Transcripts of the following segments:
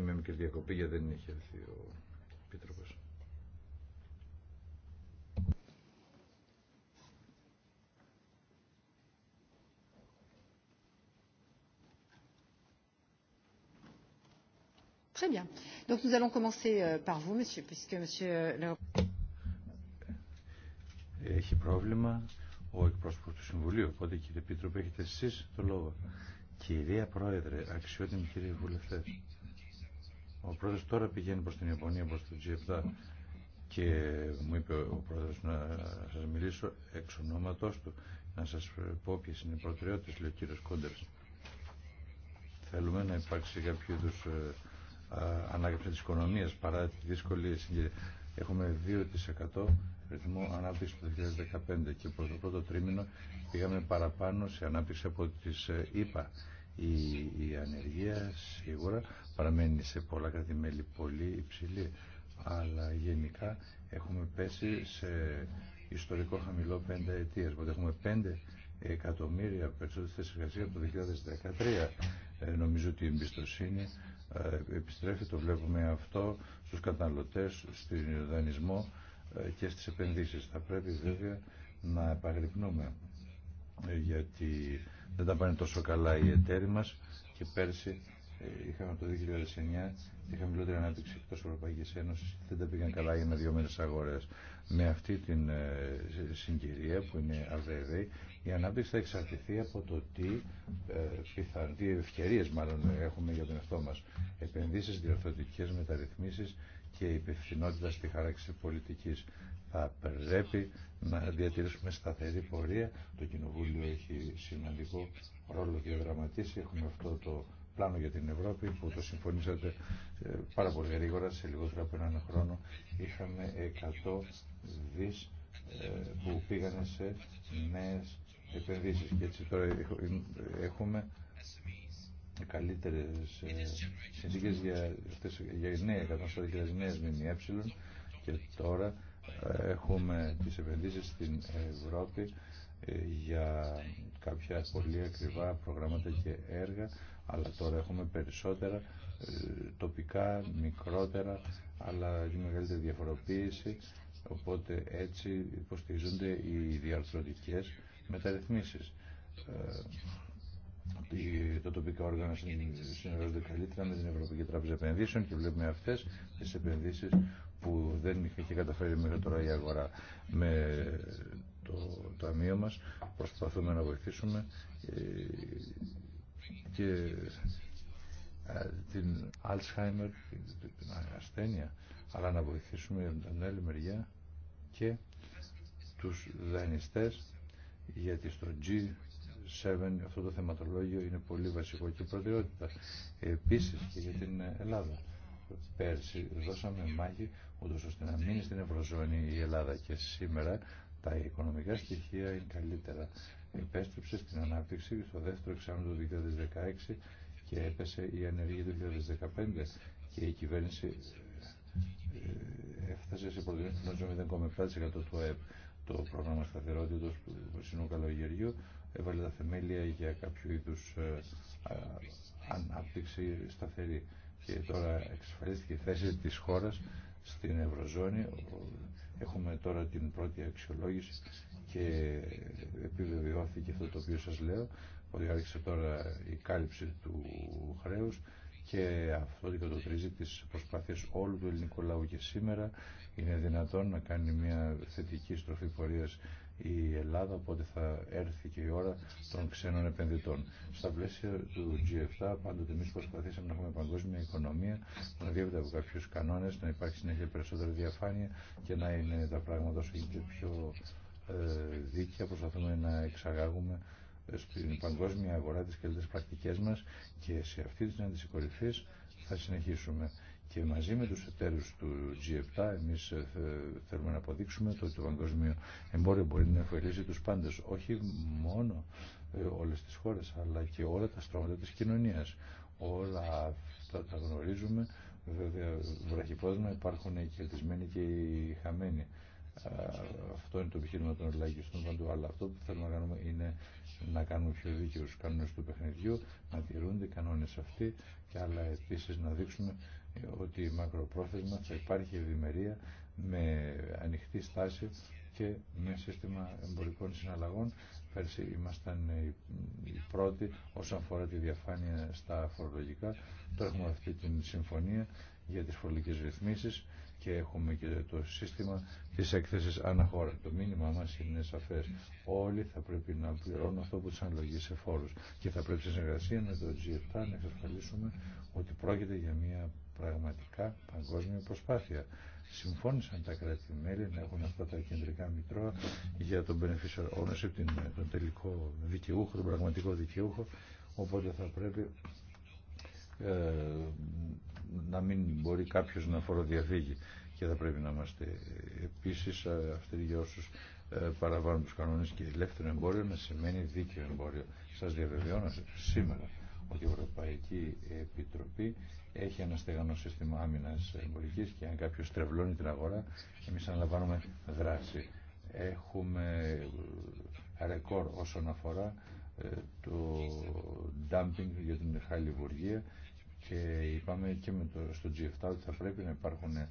με μικρή διακοπή γιατί δεν είχε έρθει ο Επίτροπος. Très bien. Donc nous allons commencer euh, par vous, monsieur, puisque monsieur euh, le... Έχει πρόβλημα ο εκπρόσωπο του Συμβουλίου. Οπότε, κύριε Επίτροπε, έχετε εσεί το λόγο. Κυρία Πρόεδρε, αξιότιμη κύριοι βουλευτέ, ο πρόεδρος τώρα πηγαίνει προ την Ιαπωνία, προς το G7 και μου είπε ο πρόεδρος να σα μιλήσω εξ ονόματο του, να σα πω ποιε είναι οι προτεραιότητε, λέει ο κύριο Κόντερς. Θέλουμε να υπάρξει κάποιο είδου ε, ανάγκη τη οικονομία παρά τη δύσκολη συγκυρία. Έχουμε 2% ρυθμό ανάπτυξη το 2015 και προ το πρώτο τρίμηνο πήγαμε παραπάνω σε ανάπτυξη από τις ε, ΕΠΑ η, ανεργία σίγουρα παραμένει σε πολλά κρατημέλη πολύ υψηλή, αλλά γενικά έχουμε πέσει σε ιστορικό χαμηλό πέντε ετία. Οπότε έχουμε πέντε εκατομμύρια περισσότερες θέσεις από το 2013. Ε, νομίζω ότι η εμπιστοσύνη ε, επιστρέφει, το βλέπουμε αυτό στους καταναλωτές, στον δανεισμό ε, και στις επενδύσεις. Θα πρέπει βέβαια να επαγρυπνούμε ε, γιατί δεν τα πάνε τόσο καλά οι εταίροι μας και πέρσι ε, είχαμε το 2009 τη χαμηλότερη ανάπτυξη εκτός Ευρωπαϊκής Ένωσης δεν τα πήγαν καλά για δύο μέρες αγορές. Με αυτή την ε, συγκυρία που είναι αβέβαιη η ανάπτυξη θα εξαρτηθεί από το τι, ε, πιθαν, ευκαιρίες μάλλον έχουμε για τον εαυτό μας. Επενδύσεις, διορθωτικές μεταρρυθμίσεις και υπευθυνότητα στη χάραξη πολιτικής. Θα πρέπει να διατηρήσουμε σταθερή πορεία. Το Κοινοβούλιο έχει σημαντικό ρόλο και Έχουμε αυτό το πλάνο για την Ευρώπη που το συμφωνήσατε ε, πάρα πολύ γρήγορα, σε λιγότερο από έναν χρόνο. Είχαμε 100 δις ε, που πήγανε σε νέες επενδύσεις και έτσι τώρα ε, έχουμε καλύτερες συνθήκες για, για νέα και δηλαδή νέες ΜΜΕ και τώρα Έχουμε τις επενδύσεις στην Ευρώπη ε, για κάποια πολύ ακριβά προγράμματα και έργα, αλλά τώρα έχουμε περισσότερα ε, τοπικά, μικρότερα, αλλά και μεγαλύτερη διαφοροποίηση, οπότε έτσι υποστηρίζονται οι διαρθρωτικές μεταρρυθμίσεις. Ε, Το τοπικό όργανα συνεργάζονται καλύτερα με την Ευρωπαϊκή Τράπεζα Επενδύσεων και βλέπουμε αυτές τις επενδύσεις που δεν είχε καταφέρει μέχρι τώρα η αγορά με το ταμείο μας. Προσπαθούμε να βοηθήσουμε ε, και ε, την Alzheimer, την ασθένεια, αλλά να βοηθήσουμε την άλλη μεριά και τους δανειστές γιατί στο G7 αυτό το θεματολόγιο είναι πολύ βασικό και προτεραιότητα επίσης και για την Ελλάδα. Πέρσι δώσαμε μάχη ούτως ώστε να μείνει στην Ευρωζώνη η Ελλάδα και σήμερα τα οικονομικά στοιχεία είναι καλύτερα. Επέστρεψε στην ανάπτυξη στο δεύτερο εξάμεινο του 2016 και έπεσε η ανεργία του 2015 και η κυβέρνηση ε, έφτασε σε προτιμήσεις του 0,7% του ΑΕΠ. Το πρόγραμμα σταθερότητα του Βασινού Καλογεριού έβαλε τα θεμέλια για κάποιο είδου ε, ανάπτυξη σταθερή και τώρα εξασφαλίστηκε η θέση της χώρας στην Ευρωζώνη. Έχουμε τώρα την πρώτη αξιολόγηση και επιβεβαιώθηκε αυτό το οποίο σας λέω, ότι άρχισε τώρα η κάλυψη του χρέους και αυτό δικατοτρίζει τις προσπάθειες όλου του ελληνικού λαού και σήμερα είναι δυνατόν να κάνει μια θετική στροφή πορείας η Ελλάδα, οπότε θα έρθει και η ώρα των ξένων επενδυτών. Στα πλαίσια του G7, πάντοτε εμεί προσπαθήσαμε να έχουμε παγκόσμια οικονομία, να διέπεται από κάποιου κανόνε, να υπάρχει συνέχεια περισσότερη διαφάνεια και να είναι τα πράγματα όσο γίνεται πιο ε, δίκαια. Προσπαθούμε να εξαγάγουμε στην παγκόσμια αγορά τις καλύτερες πρακτικές μας και σε αυτή τη συνάντηση θα συνεχίσουμε και μαζί με τους εταίρους του G7 εμείς ε, θέλουμε να αποδείξουμε το ότι το παγκόσμιο εμπόριο μπορεί να ωφελήσει τους πάντες, όχι μόνο ε, όλες τις χώρες αλλά και όλα τα στρώματα της κοινωνίας. Όλα αυτά τα γνωρίζουμε, βέβαια βραχυπρόθεσμα υπάρχουν οι κερδισμένοι και οι χαμένοι. Αυτό είναι το επιχείρημα των λαϊκιστών παντού, αλλά αυτό που θέλουμε να κάνουμε είναι να κάνουμε πιο δίκαιους κανόνες του παιχνιδιού, να τηρούνται οι κανόνες αυτοί και άλλα επίσης να δείξουμε ότι μακροπρόθεσμα θα υπάρχει ευημερία με ανοιχτή στάση και με σύστημα εμπορικών συναλλαγών. Πέρσι ήμασταν οι πρώτοι όσον αφορά τη διαφάνεια στα φορολογικά. Τώρα έχουμε αυτή τη συμφωνία για τις φορολογικές ρυθμίσεις και έχουμε και το σύστημα της έκθεσης αναχώρα. Το μήνυμα μας είναι σαφές. Όλοι θα πρέπει να πληρώνουν αυτό που τους αναλογεί σε φόρους και θα πρέπει σε συνεργασία με το G7 να εξασφαλίσουμε ότι πρόκειται για μια πραγματικά παγκόσμια προσπάθεια. Συμφώνησαν τα κράτη-μέλη να έχουν αυτά τα κεντρικά μητρώα για τον beneficial ownership, την, τον τελικό δικαιούχο, τον πραγματικό δικαιούχο, οπότε θα πρέπει ε, να μην μπορεί κάποιος να φοροδιαφύγει και θα πρέπει να είμαστε επίσης αυτοί για όσους ε, παραβάλλουν τους κανόνες και ελεύθερο εμπόριο να σημαίνει δίκαιο εμπόριο. Σας διαβεβαιώνω σήμερα ότι η Ευρωπαϊκή Επιτροπή έχει ένα στεγανό σύστημα άμυνα εμπορική και αν κάποιο τρευλώνει την αγορά, εμεί αναλαμβάνουμε δράση. Έχουμε ρεκόρ όσον αφορά ε, το dumping για την χαλιβουργία και είπαμε και με το, στο G7 ότι θα πρέπει να υπάρχουν ε,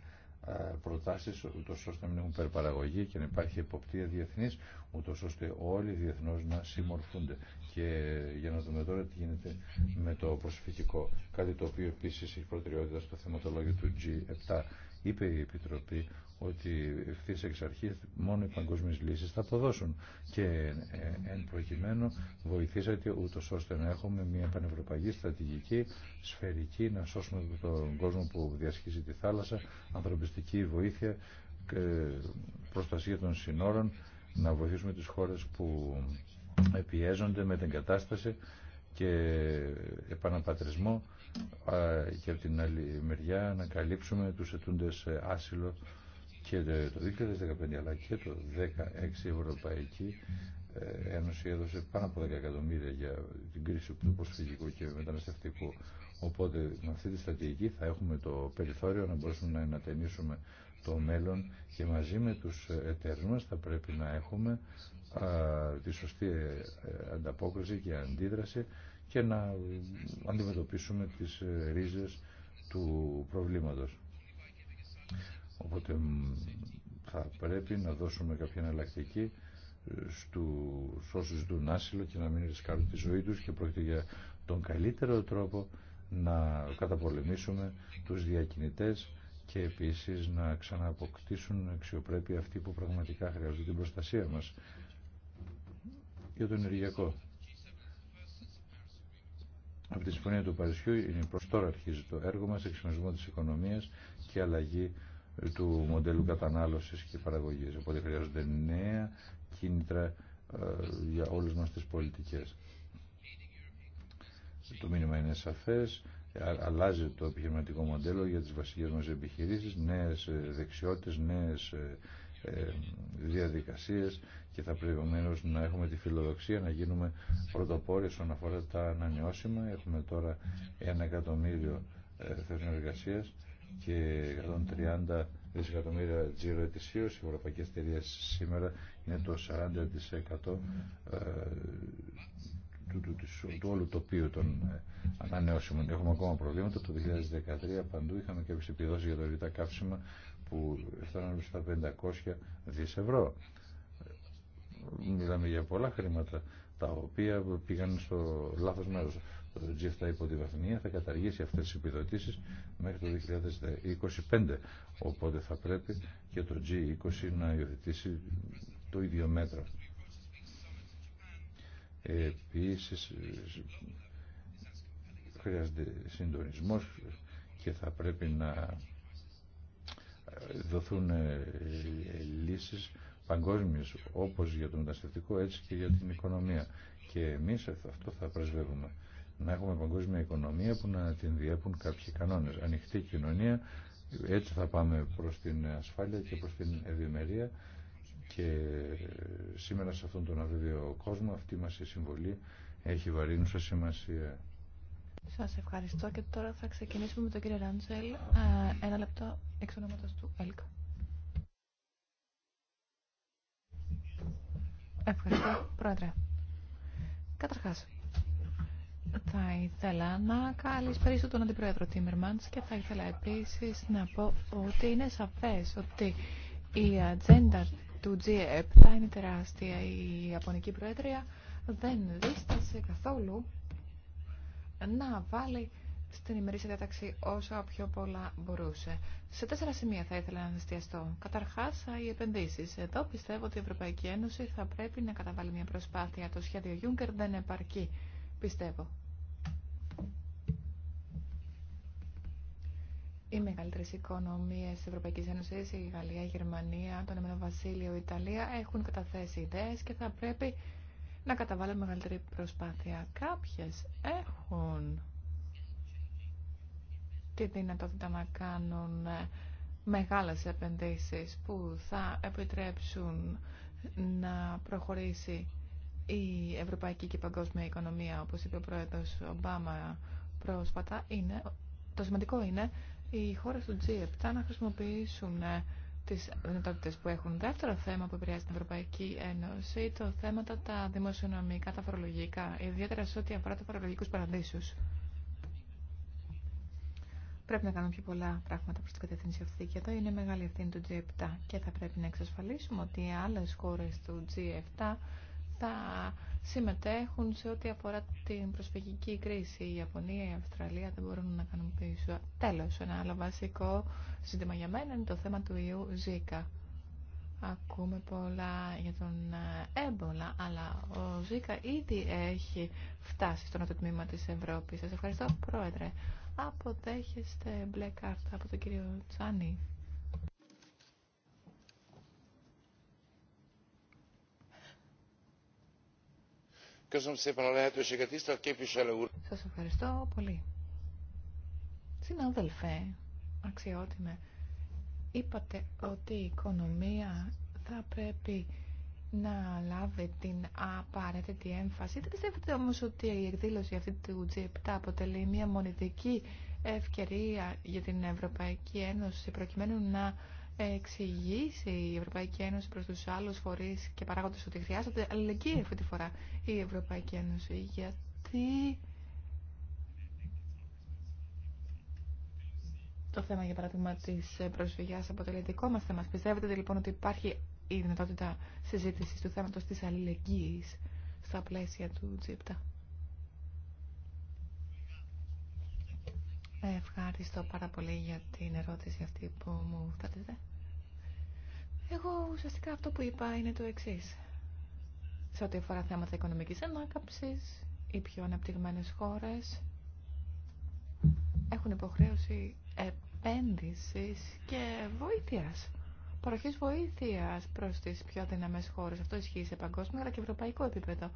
προτάσεις ούτως ώστε να μην έχουν περπαραγωγή και να υπάρχει εποπτεία διεθνής ούτως ώστε όλοι διεθνώς να συμμορφούνται. Και για να δούμε τώρα τι γίνεται με το προσφυγικό. Κάτι το οποίο επίση έχει προτεραιότητα στο θεματολόγιο του G7. Είπε η Επιτροπή ότι ευθύ εξ αρχή μόνο οι παγκόσμιε λύσει θα αποδώσουν. Και ε, εν προκειμένου βοηθήσατε ούτω ώστε να έχουμε μια πανευρωπαϊκή στρατηγική, σφαιρική, να σώσουμε τον κόσμο που διασχίζει τη θάλασσα, ανθρωπιστική βοήθεια, ε, προστασία των συνόρων, να βοηθήσουμε τις χώρες που επιέζονται με την κατάσταση και επαναπατρισμό και από την άλλη μεριά να καλύψουμε τους ετούντες άσυλο και το 2015 αλλά και το 2016 Ευρωπαϊκή ε, Ένωση έδωσε πάνω από 10 εκατομμύρια για την κρίση του προσφυγικού και μεταναστευτικού. Οπότε με αυτή τη στρατηγική θα έχουμε το περιθώριο να μπορέσουμε να ενατενίσουμε το μέλλον και μαζί με τους εταίρους μας θα πρέπει να έχουμε τη σωστή ε, ανταπόκριση και αντίδραση και να αντιμετωπίσουμε τις ε, ρίζες του προβλήματος. Οπότε θα πρέπει να δώσουμε κάποια εναλλακτική ε, στους όσους ζητούν άσυλο και να μην ρισκάρουν τη ζωή τους και πρόκειται για τον καλύτερο τρόπο να καταπολεμήσουμε τους διακινητές και επίσης να ξανααποκτήσουν αξιοπρέπεια αυτοί που πραγματικά χρειάζονται την προστασία μας για το ενεργειακό. Από τη Συμφωνία του Παρισιού είναι προς τώρα αρχίζει το έργο μας, εξημισμό της οικονομίας και αλλαγή του μοντέλου κατανάλωσης και παραγωγής. Οπότε χρειάζονται νέα κίνητρα ε, για όλες μας τις πολιτικές. Το μήνυμα είναι σαφές, αλλάζει το επιχειρηματικό μοντέλο για τις βασικές μας επιχειρήσεις, νέες ε, δεξιότητες, νέες ε, ε, διαδικασίες και θα πρέπει προηγουμένως να έχουμε τη φιλοδοξία να γίνουμε πρωτοπόροι όσον αφορά τα ανανεώσιμα. Έχουμε τώρα ένα εκατομμύριο ε, θέσεων εργασία και 130 δισεκατομμύρια τζίρο ετησίω. Οι ευρωπαϊκέ εταιρείε σήμερα είναι το 40% ε, του, του, του, όλου τοπίου των ανανεώσιμων. Έχουμε ακόμα προβλήματα. Το 2013 παντού είχαμε κάποιε επιδόσει για το ρητά καύσιμα που φτάνουν στα 500 δις ευρώ. Μιλάμε για πολλά χρήματα τα οποία πήγαν στο λάθος μέρος. Το G7 υπό τη Βαθμία θα καταργήσει αυτές τις επιδοτήσεις μέχρι το 2025. Οπότε θα πρέπει και το G20 να υιοθετήσει το ίδιο μέτρο. Επίσης χρειάζεται συντονισμός και θα πρέπει να δοθούν ε, λύσεις παγκόσμιες όπως για το μεταστατικό έτσι και για την οικονομία. Και εμείς αυτό θα πρεσβεύουμε. Να έχουμε παγκόσμια οικονομία που να την διέπουν κάποιοι κανόνες. Ανοιχτή κοινωνία, έτσι θα πάμε προς την ασφάλεια και προς την ευημερία και ε, σήμερα σε αυτόν τον αβεβαιό κόσμο αυτή μας η συμβολή έχει βαρύνουσα σημασία. Σας ευχαριστώ και τώρα θα ξεκινήσουμε με τον κύριο Ράντζελ. Ένα λεπτό εξ ονόματος του Ευχαριστώ, Πρόεδρε. Καταρχάς, θα ήθελα να καλησπέρισω τον Αντιπρόεδρο Τίμερμαντς και θα ήθελα επίσης να πω ότι είναι σαφές ότι η ατζέντα του G7 είναι τεράστια. Η Ιαπωνική Προέδρια δεν δίστασε καθόλου να βάλει στην ημερήσια διάταξη όσο πιο πολλά μπορούσε. Σε τέσσερα σημεία θα ήθελα να εστιαστώ. Καταρχά, οι επενδύσει. Εδώ πιστεύω ότι η Ευρωπαϊκή Ένωση θα πρέπει να καταβάλει μια προσπάθεια. Το σχέδιο Juncker δεν επαρκεί, πιστεύω. Οι μεγαλύτερε οικονομίε τη Ευρωπαϊκή Ένωση, η Γαλλία, η Γερμανία, το Ηνωμένο Βασίλειο, η Ιταλία έχουν καταθέσει ιδέε και θα πρέπει να καταβάλουν μεγαλύτερη προσπάθεια. Κάποιες έχουν τη δυνατότητα να κάνουν ε, μεγάλες επενδύσεις που θα επιτρέψουν να προχωρήσει η ευρωπαϊκή και παγκόσμια οικονομία, όπως είπε ο πρόεδρος Ομπάμα πρόσφατα, είναι, το σημαντικό είναι οι χώρες του G7 να χρησιμοποιήσουν ε, τις δυνατότητες που έχουν. Δεύτερο θέμα που επηρεάζει την Ευρωπαϊκή Ένωση, το θέμα τα δημοσιονομικά, τα φορολογικά, ιδιαίτερα σε ό,τι αφορά του φορολογικούς παραδείσους. Πρέπει να κάνουμε πιο πολλά πράγματα προς την κατεύθυνση αυτή και εδώ είναι μεγάλη ευθύνη του G7 και θα πρέπει να εξασφαλίσουμε ότι οι άλλες του G7 θα συμμετέχουν σε ό,τι αφορά την προσφυγική κρίση. Η Ιαπωνία, η Αυστραλία δεν μπορούν να κάνουν πίσω. Τέλος, ένα άλλο βασικό ζήτημα για μένα είναι το θέμα του ιού Ζήκα. Ακούμε πολλά για τον ε, έμπολα, αλλά ο Ζήκα ήδη έχει φτάσει στο νότιο τμήμα της Ευρώπης. Σας ευχαριστώ, Πρόεδρε. Αποτέχεστε μπλε κάρτα από τον κύριο Τσάνι. Σας ευχαριστώ πολύ. Συνάδελφε, αξιότιμε, είπατε ότι η οικονομία θα πρέπει να λάβει την απαραίτητη έμφαση. Δεν πιστεύετε όμως ότι η εκδήλωση αυτή του G7 αποτελεί μια μονητική ευκαιρία για την Ευρωπαϊκή Ένωση προκειμένου να εξηγήσει η Ευρωπαϊκή Ένωση προς τους άλλους φορείς και παράγοντες ότι χρειάζεται αλληλεγγύη αυτή τη φορά η Ευρωπαϊκή Ένωση γιατί το θέμα για παράδειγμα της προσφυγιάς αποτελεί δικό μας θέμα. Πιστεύετε λοιπόν ότι υπάρχει η δυνατότητα συζήτησης του θέματος της αλληλεγγύης στα πλαίσια του g Ευχαριστώ πάρα πολύ για την ερώτηση αυτή που μου θέτετε. Εγώ ουσιαστικά αυτό που είπα είναι το εξή. Σε ό,τι αφορά θέματα οικονομικής ανάκαμψης, οι πιο αναπτυγμένες χώρες έχουν υποχρέωση επένδυσης και βοήθειας. Παροχής βοήθειας προς τις πιο δυναμές χώρες. Αυτό ισχύει σε παγκόσμιο αλλά και ευρωπαϊκό επίπεδο.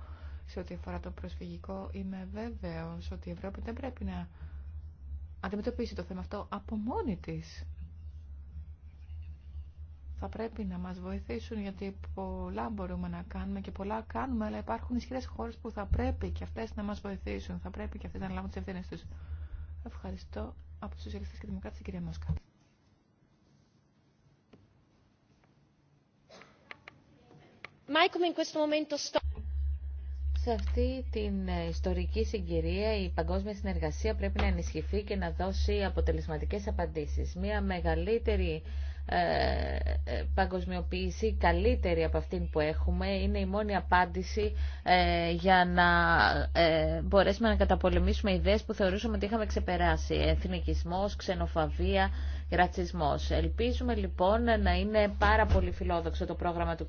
Σε ό,τι αφορά το προσφυγικό είμαι βέβαιος ότι η Ευρώπη δεν πρέπει να αντιμετωπίσει το θέμα αυτό από μόνη της. Θα πρέπει να μας βοηθήσουν γιατί πολλά μπορούμε να κάνουμε και πολλά κάνουμε, αλλά υπάρχουν ισχυρές χώρες που θα πρέπει και αυτές να μας βοηθήσουν. Θα πρέπει και αυτές να λάβουν τις ευθύνες τους. Ευχαριστώ από τους Σοσιαλιστές και Δημοκράτες, κυρία Μόσκα σε αυτή την ε, ιστορική συγκυρία η παγκόσμια συνεργασία πρέπει να ενισχυθεί και να δώσει αποτελεσματικές απαντήσεις. Μία μεγαλύτερη ε, ε, παγκοσμιοποίηση καλύτερη από αυτήν που έχουμε είναι η μόνη απάντηση για να μπορέσουμε να καταπολεμήσουμε ιδέες που θεωρούσαμε ότι είχαμε ξεπεράσει εθνικισμός, ξενοφαβία ρατσισμός. Ελπίζουμε λοιπόν να είναι πάρα πολύ φιλόδοξο το πρόγραμμα του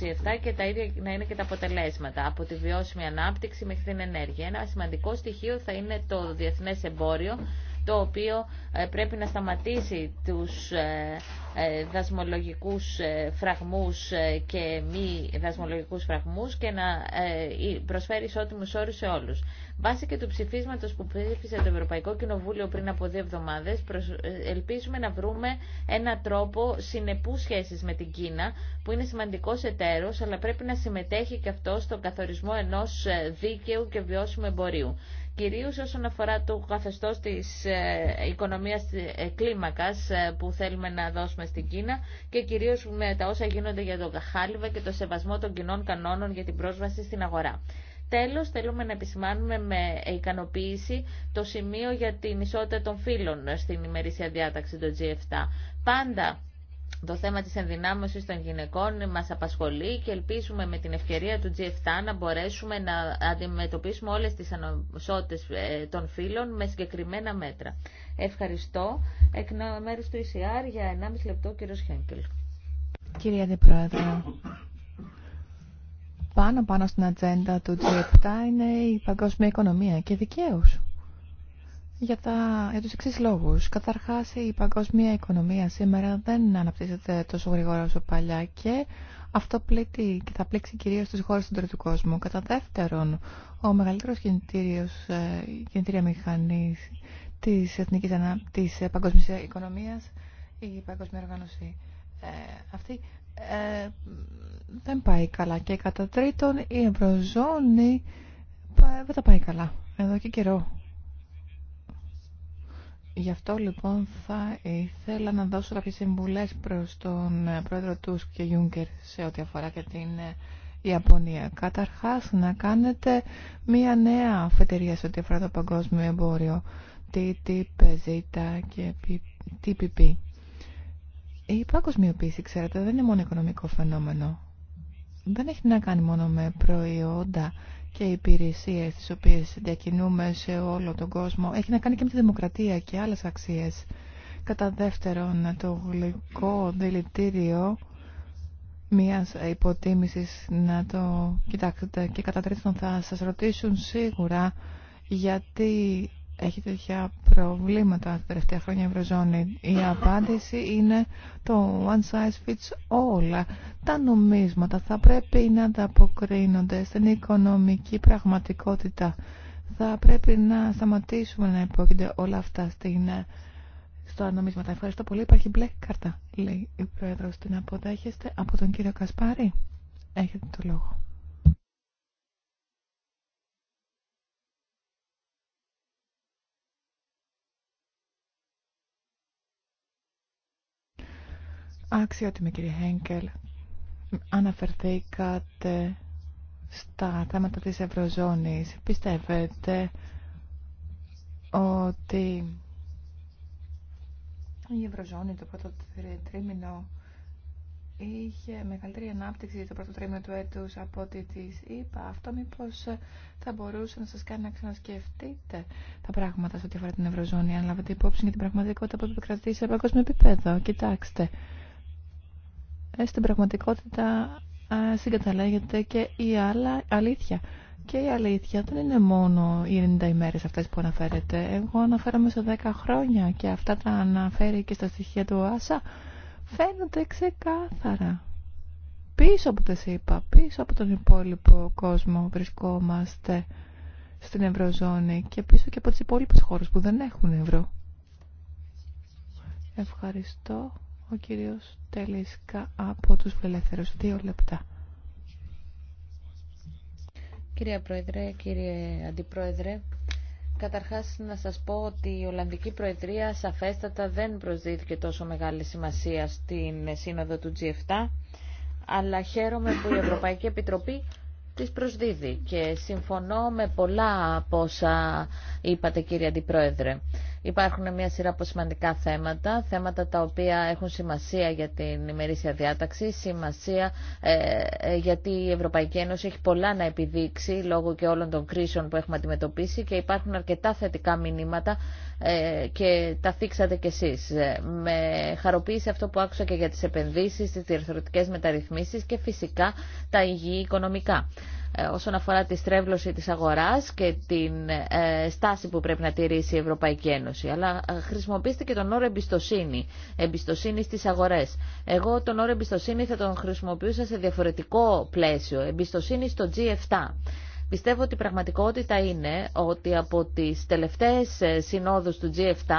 G7 και τα ίδια να είναι και τα αποτελέσματα από τη βιώσιμη ανάπτυξη μέχρι την ενέργεια. Ένα σημαντικό στοιχείο θα είναι το διεθνές εμπόριο το οποίο ε, πρέπει να σταματήσει τους ε, ε, δασμολογικούς φραγμούς και μη δασμολογικούς φραγμούς και να προσφέρει ισότιμους όρους σε όλους. Βάσει και του ψηφίσματος που ψήφισε το Ευρωπαϊκό Κοινοβούλιο πριν από δύο εβδομάδες, ελπίζουμε να βρούμε ένα τρόπο συνεπού σχέση με την Κίνα, που είναι σημαντικός εταίρος, αλλά πρέπει να συμμετέχει και αυτό στον καθορισμό ενός δίκαιου και βιώσιμου εμπορίου κυρίως όσον αφορά το καθεστώς της ε, οικονομίας ε, κλίμακας ε, που θέλουμε να δώσουμε στην Κίνα και κυρίως με τα όσα γίνονται για τον Καχάλιβα και το σεβασμό των κοινών κανόνων για την πρόσβαση στην αγορά. Τέλος, θέλουμε να επισημάνουμε με ικανοποίηση το σημείο για την ισότητα των φύλων στην ημερήσια διάταξη του G7. Πάντα το θέμα της ενδυνάμωσης των γυναικών μας απασχολεί και ελπίζουμε με την ευκαιρία του G7 να μπορέσουμε να αντιμετωπίσουμε όλες τις ανοσότητες ε, των φύλων με συγκεκριμένα μέτρα. Ευχαριστώ. Εκ μέρους του ECR για 1,5 λεπτό κύριο Χένκελ. Κύριε Αντιπρόεδρε, πάνω πάνω στην ατζέντα του G7 είναι η παγκόσμια οικονομία και δικαίως για, τα, για τους εξής λόγους. Καταρχάς, η παγκόσμια οικονομία σήμερα δεν αναπτύσσεται τόσο γρήγορα όσο παλιά και αυτό πλήττει και θα πλήξει κυρίως τις χώρες του τρίτου κόσμου. Κατά δεύτερον, ο μεγαλύτερος κινητήριος, ε, κινητήρια μηχανής της, εθνικής, της ε, παγκόσμιας οικονομίας, η παγκόσμια οργάνωση ε, αυτή, δεν πάει καλά. Και κατά τρίτον, η Ευρωζώνη δεν τα πάει καλά εδώ και καιρό. Γι' αυτό λοιπόν θα ήθελα να δώσω κάποιες συμβουλές προς τον πρόεδρο Τούσκ και Γιούγκερ σε ό,τι αφορά και την Ιαπωνία. Καταρχάς να κάνετε μία νέα αφετηρία σε ό,τι αφορά το παγκόσμιο εμπόριο. TTIP, ZETA και TPP. Η παγκοσμιοποίηση, ξέρετε, δεν είναι μόνο οικονομικό φαινόμενο. Δεν έχει να κάνει μόνο με προϊόντα και οι υπηρεσίε τις οποίες διακινούμε σε όλο τον κόσμο έχει να κάνει και με τη δημοκρατία και άλλες αξίες. Κατά δεύτερον, το γλυκό δηλητήριο μιας υποτίμησης να το κοιτάξετε και κατά τρίτον θα σας ρωτήσουν σίγουρα γιατί έχει τέτοια προβλήματα τα τελευταία χρόνια η Ευρωζώνη. Η απάντηση είναι το one size fits all. Τα νομίσματα θα πρέπει να ανταποκρίνονται στην οικονομική πραγματικότητα. Θα πρέπει να σταματήσουμε να υπόκεινται όλα αυτά στην, στο νομίσματα. Ευχαριστώ πολύ. Υπάρχει μπλε κάρτα, λέει η Πρόεδρος. Την αποδέχεστε από τον κύριο Κασπάρη. Έχετε το λόγο. με κύριε Χένκελ, αναφερθήκατε στα θέματα της Ευρωζώνης. Πιστεύετε ότι η Ευρωζώνη το πρώτο τρίμηνο είχε μεγαλύτερη ανάπτυξη το πρώτο τρίμηνο του έτους από ό,τι της είπα. Αυτό μήπως θα μπορούσε να σας κάνει να ξανασκεφτείτε τα πράγματα σε ό,τι αφορά την Ευρωζώνη, αν λάβετε υπόψη για την πραγματικότητα που επικρατεί σε παγκόσμιο επίπεδο. Κοιτάξτε, ε, στην πραγματικότητα συγκαταλέγεται και η άλλα αλήθεια. Και η αλήθεια δεν είναι μόνο οι 90 ημέρες αυτές που αναφέρεται. Εγώ αναφέρομαι σε 10 χρόνια και αυτά τα αναφέρει και στα στοιχεία του ΆΣΑ. Φαίνονται ξεκάθαρα. Πίσω από τα είπα, πίσω από τον υπόλοιπο κόσμο βρισκόμαστε στην Ευρωζώνη και πίσω και από τις υπόλοιπες χώρες που δεν έχουν ευρώ. Ευχαριστώ ο κύριος Τελίσκα από τους Φιλελεύθερους. Δύο λεπτά. Κυρία Πρόεδρε, κύριε Αντιπρόεδρε, Καταρχάς να σας πω ότι η Ολλανδική Προεδρία σαφέστατα δεν προσδίδει τόσο μεγάλη σημασία στην σύνοδο του G7, αλλά χαίρομαι που η Ευρωπαϊκή Επιτροπή της προσδίδει και συμφωνώ με πολλά από όσα είπατε κύριε Αντιπρόεδρε. Υπάρχουν μια σειρά από σημαντικά θέματα, θέματα τα οποία έχουν σημασία για την ημερήσια διάταξη, σημασία ε, ε, γιατί η Ευρωπαϊκή Ένωση έχει πολλά να επιδείξει λόγω και όλων των κρίσεων που έχουμε αντιμετωπίσει και υπάρχουν αρκετά θετικά μηνύματα ε, και τα θίξατε κι εσείς. Με χαροποίησε αυτό που άκουσα και για τις επενδύσεις, τις διερθρωτικές μεταρρυθμίσεις και φυσικά τα υγιή οικονομικά. Ε, όσον αφορά τη στρέβλωση της αγοράς και την ε, στάση που πρέπει να τηρήσει η Ευρωπαϊκή Ένωση. Αλλά ε, χρησιμοποιήστε και τον όρο εμπιστοσύνη, εμπιστοσύνη στις αγορές. Εγώ τον όρο εμπιστοσύνη θα τον χρησιμοποιούσα σε διαφορετικό πλαίσιο, εμπιστοσύνη στο G7. Πιστεύω ότι η πραγματικότητα είναι ότι από τις τελευταίες συνόδους του G7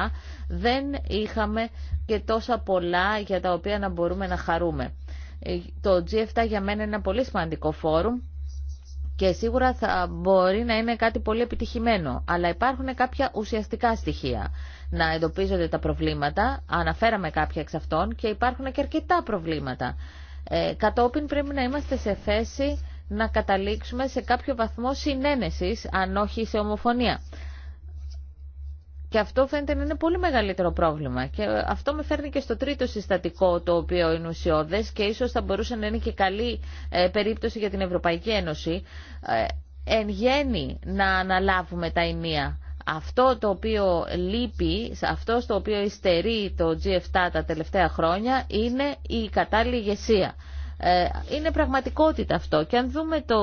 δεν είχαμε και τόσα πολλά για τα οποία να μπορούμε να χαρούμε. Το G7 για μένα είναι ένα πολύ σημαντικό φόρουμ και σίγουρα θα μπορεί να είναι κάτι πολύ επιτυχημένο. Αλλά υπάρχουν κάποια ουσιαστικά στοιχεία. Να εντοπίζονται τα προβλήματα, αναφέραμε κάποια εξ αυτών και υπάρχουν και αρκετά προβλήματα. Ε, κατόπιν πρέπει να είμαστε σε θέση να καταλήξουμε σε κάποιο βαθμό συνένεσης, αν όχι σε ομοφωνία. Και αυτό φαίνεται να είναι πολύ μεγαλύτερο πρόβλημα. Και αυτό με φέρνει και στο τρίτο συστατικό, το οποίο είναι ουσιώδε και ίσω θα μπορούσε να είναι και καλή ε, περίπτωση για την Ευρωπαϊκή Ένωση. Ε, εν γέννη να αναλάβουμε τα ενία. Αυτό το οποίο λείπει, αυτό το οποίο ειστερεί το G7 τα τελευταία χρόνια είναι η κατάλληλη ηγεσία. Ε, είναι πραγματικότητα αυτό. Και αν δούμε το,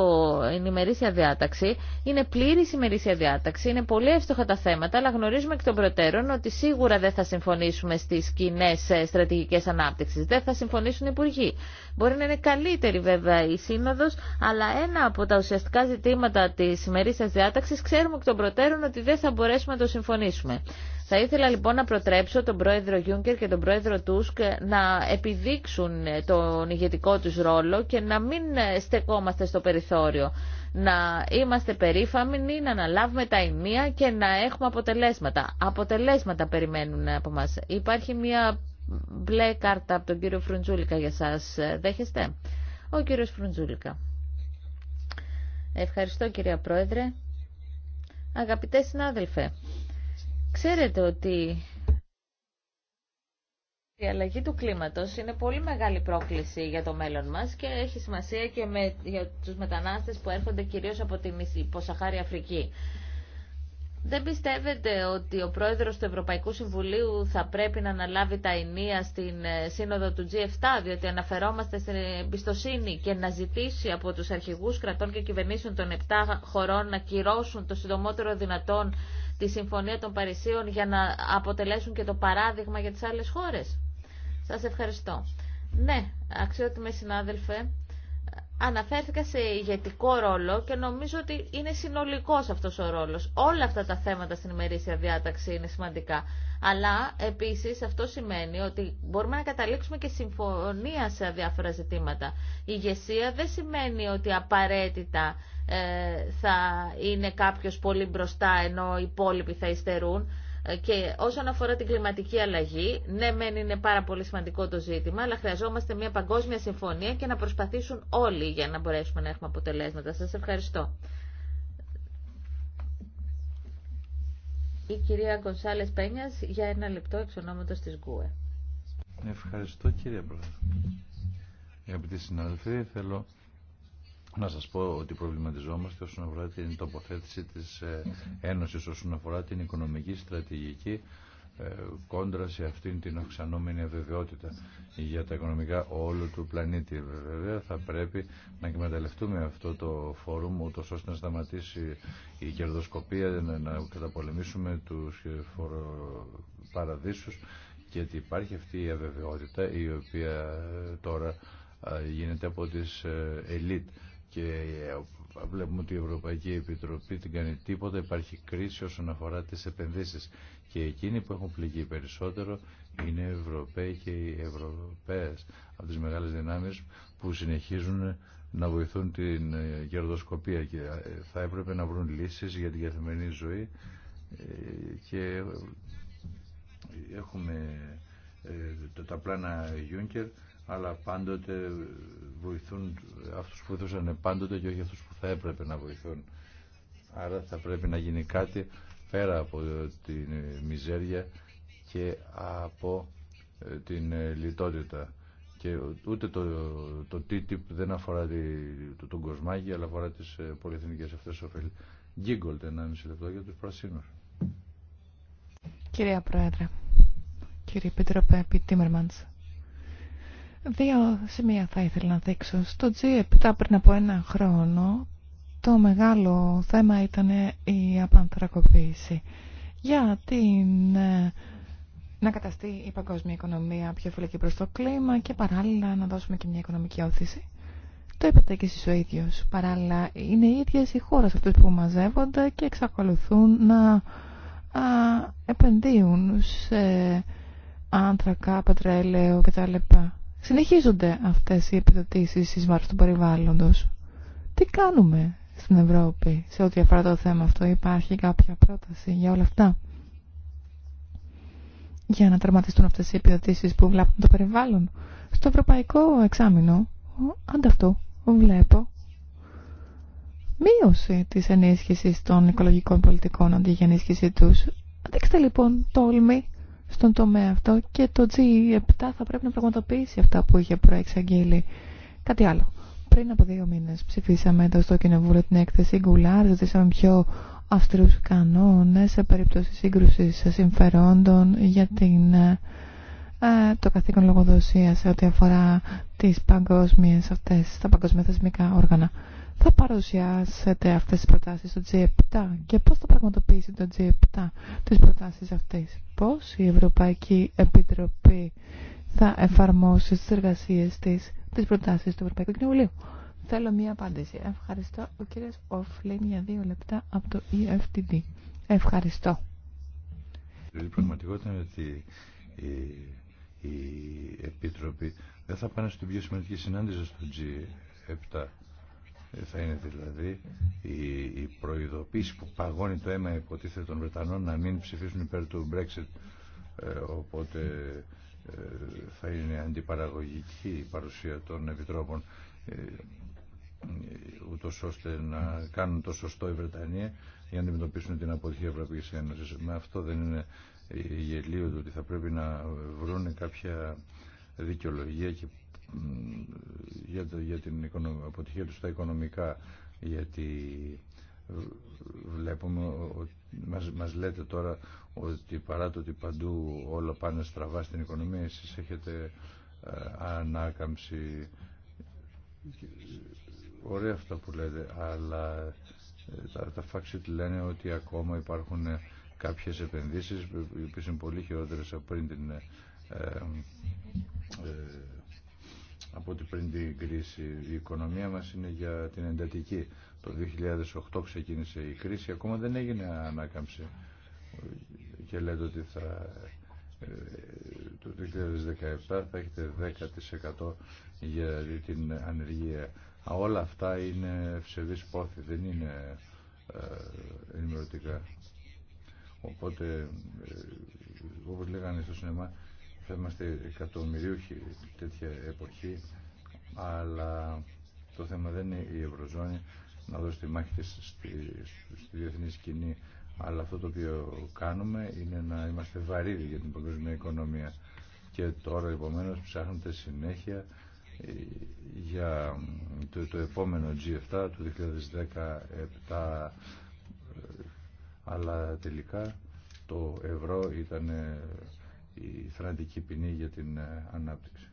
την ημερήσια διάταξη, είναι πλήρη η ημερήσια διάταξη, είναι πολύ εύστοχα τα θέματα, αλλά γνωρίζουμε εκ των προτέρων ότι σίγουρα δεν θα συμφωνήσουμε στι κοινέ ε, στρατηγικέ ανάπτυξη. Δεν θα συμφωνήσουν οι υπουργοί. Μπορεί να είναι καλύτερη βέβαια η σύνοδο, αλλά ένα από τα ουσιαστικά ζητήματα τη ημερήσια διάταξη ξέρουμε εκ των προτέρων ότι δεν θα μπορέσουμε να το συμφωνήσουμε. Θα ήθελα λοιπόν να προτρέψω τον πρόεδρο Γιούγκερ και τον πρόεδρο Τούσκ να επιδείξουν τον ηγετικό τους ρόλο και να μην στεκόμαστε στο περιθώριο. Να είμαστε περήφαμοι, να αναλάβουμε τα ημεία και να έχουμε αποτελέσματα. Αποτελέσματα περιμένουν από μας. Υπάρχει μια μπλε κάρτα από τον κύριο Φρουντζούλικα για σας. Δέχεστε. Ο κύριος Φρουντζούλικα. Ευχαριστώ κυρία Πρόεδρε. Αγαπητέ συνάδελφε, Ξέρετε ότι η αλλαγή του κλίματος είναι πολύ μεγάλη πρόκληση για το μέλλον μας και έχει σημασία και με, για τους μετανάστες που έρχονται κυρίως από την υποσαχάρη Αφρική. Δεν πιστεύετε ότι ο πρόεδρος του Ευρωπαϊκού Συμβουλίου θα πρέπει να αναλάβει τα ενία στην ε, σύνοδο του G7, διότι αναφερόμαστε στην εμπιστοσύνη και να ζητήσει από τους αρχηγούς κρατών και κυβερνήσεων των 7 χωρών να κυρώσουν το συντομότερο δυνατόν τη Συμφωνία των Παρισίων για να αποτελέσουν και το παράδειγμα για τις άλλες χώρες. Σας ευχαριστώ. Ναι, αξιότιμε συνάδελφε, αναφέρθηκα σε ηγετικό ρόλο και νομίζω ότι είναι συνολικός αυτός ο ρόλος. Όλα αυτά τα θέματα στην ημερήσια διάταξη είναι σημαντικά. Αλλά επίσης αυτό σημαίνει ότι μπορούμε να καταλήξουμε και συμφωνία σε διάφορα ζητήματα. Η ηγεσία δεν σημαίνει ότι απαραίτητα ε, θα είναι κάποιος πολύ μπροστά ενώ οι υπόλοιποι θα υστερούν. Και όσον αφορά την κλιματική αλλαγή, ναι, μεν είναι πάρα πολύ σημαντικό το ζήτημα, αλλά χρειαζόμαστε μια παγκόσμια συμφωνία και να προσπαθήσουν όλοι για να μπορέσουμε να έχουμε αποτελέσματα. Σας ευχαριστώ. Η κυρία Γκονσάλε Πένιας για ένα λεπτό εξ ονόματος τη ΓΚΟΕ. Ευχαριστώ κύριε Πρόεδρε. Αγαπητοί συνάδελφοι, θέλω να σας πω ότι προβληματιζόμαστε όσον αφορά την τοποθέτηση της ε, Ένωσης, όσον αφορά την οικονομική στρατηγική ε, κόντρα σε αυτήν την αυξανόμενη αβεβαιότητα για τα οικονομικά όλου του πλανήτη. Βέβαια θα πρέπει να εκμεταλλευτούμε αυτό το φόρουμ ούτως ώστε να σταματήσει η κερδοσκοπία, να καταπολεμήσουμε τους φοροπαραδείσους και ότι υπάρχει αυτή η αβεβαιότητα η οποία τώρα ε, γίνεται από τις ελίτ και ε, βλέπουμε ότι η Ευρωπαϊκή Επιτροπή δεν κάνει τίποτα, υπάρχει κρίση όσον αφορά τις επενδύσεις και εκείνοι που έχουν πληγεί περισσότερο είναι οι Ευρωπαίοι και οι Ευρωπαίες από τις μεγάλες δυνάμεις που συνεχίζουν να βοηθούν την ε, κερδοσκοπία και ε, θα έπρεπε να βρουν λύσεις για την καθημερινή ζωή και έχουμε τα πλάνα Juncker αλλά πάντοτε βοηθούν αυτούς που βοηθούσαν ναι, πάντοτε και όχι αυτούς που θα έπρεπε να βοηθούν. Άρα θα πρέπει να γίνει κάτι πέρα από την μιζέρια και από ε, την ε, λιτότητα. Και ούτε το, το TTIP δεν αφορά το, τον κοσμάκι, αλλά αφορά τις ε, πολυεθνικές αυτές ωφέλη. Γκίγκολτε, ένα μισή λεπτό για τους πρασίνους. Κυρία Πρόεδρε, κύριε Πίτροπε Δύο σημεία θα ήθελα να δείξω. Στο G7 πριν από ένα χρόνο το μεγάλο θέμα ήταν η απανθρακοποίηση. Για την, ε, να καταστεί η παγκόσμια οικονομία πιο φιλική προς το κλίμα και παράλληλα να δώσουμε και μια οικονομική όθηση. Το είπατε και εσείς ο ίδιος. Παράλληλα είναι οι ίδιες οι χώρες αυτές που μαζεύονται και εξακολουθούν να επενδύουν σε άνθρακα, πατρέλαιο κτλ. Συνεχίζονται αυτές οι επιδοτήσεις στις βάρος του περιβάλλοντος. Τι κάνουμε στην Ευρώπη σε ό,τι αφορά το θέμα αυτό. Υπάρχει κάποια πρόταση για όλα αυτά. Για να τερματιστούν αυτές οι επιδοτήσεις που βλάπτουν το περιβάλλον. Στο ευρωπαϊκό εξάμεινο, ανταυτού, βλέπω μείωση της ενίσχυσης των οικολογικών πολιτικών αντί για ενίσχυση τους. Δείξτε λοιπόν τόλμη στον τομέα αυτό και το G7 θα πρέπει να πραγματοποιήσει αυτά που είχε προεξαγγείλει. Κάτι άλλο. Πριν από δύο μήνε ψηφίσαμε εδώ στο Κοινοβούλιο την έκθεση Γκουλάρ, ζητήσαμε πιο αυστηρού κανόνε σε περίπτωση σύγκρουση συμφερόντων για την, ε, το καθήκον λογοδοσία σε ό,τι αφορά τις παγκόσμιες αυτέ τα παγκόσμια θεσμικά όργανα θα παρουσιάσετε αυτές τις προτάσεις στο G7 και πώς θα πραγματοποιήσει το G7 τις προτάσεις αυτές. Πώς η Ευρωπαϊκή Επιτροπή θα εφαρμόσει στις εργασίες της τις προτάσεις του Ευρωπαϊκού Κοινοβουλίου. Θέλω μία απάντηση. Ευχαριστώ ο κύριος Οφλίν για δύο λεπτά από το EFTD. Ευχαριστώ. Η πραγματικότητα είναι ότι η Επίτροπη δεν θα πάνε στην πιο σημαντική συνάντηση στο G7 θα είναι δηλαδή η, η προειδοποίηση που παγώνει το αίμα υποτίθεται των Βρετανών να μην ψηφίσουν υπέρ του Brexit. Ε, οπότε ε, θα είναι αντιπαραγωγική η παρουσία των επιτρόπων ε, ώστε να κάνουν το σωστό η Βρετανία για να αντιμετωπίσουν την αποτυχία Ευρωπαϊκής Ένωσης. Με αυτό δεν είναι γελίο ότι θα πρέπει να βρουν κάποια δικαιολογία για, το, για την αποτυχία του στα οικονομικά γιατί βλέπουμε μας, μας λέτε τώρα ότι παρά το ότι παντού όλο πάνε στραβά στην οικονομία εσείς έχετε ε, ανάκαμψη ωραία αυτά που λέτε αλλά ε, τα, τα φάξιτ λένε ότι ακόμα υπάρχουν ε, κάποιες επενδύσεις που είναι πολύ χειρότερες από πριν την από ό,τι πριν την κρίση. Η οικονομία μας είναι για την εντατική. Το 2008 ξεκίνησε η κρίση, ακόμα δεν έγινε ανάκαμψη. Και λέτε ότι θα, ε, το 2017 θα έχετε 10% για την ανεργία. Όλα αυτά είναι ψευδής πόθη, δεν είναι ε, ενημερωτικά. Οπότε, ε, όπως λέγανε στο σινεμά, θα είμαστε εκατομμυρίουχοι τέτοια εποχή, αλλά το θέμα δεν είναι η Ευρωζώνη να δώσει τη μάχη της στη, στη διεθνή σκηνή, αλλά αυτό το οποίο κάνουμε είναι να είμαστε βαρύδι για την παγκόσμια οικονομία. Και τώρα επομένω ψάχνετε συνέχεια ε, για το, το επόμενο G7 του 2017 ε, αλλά τελικά το ευρώ ήταν η θραντική ποινή για την ε, ανάπτυξη.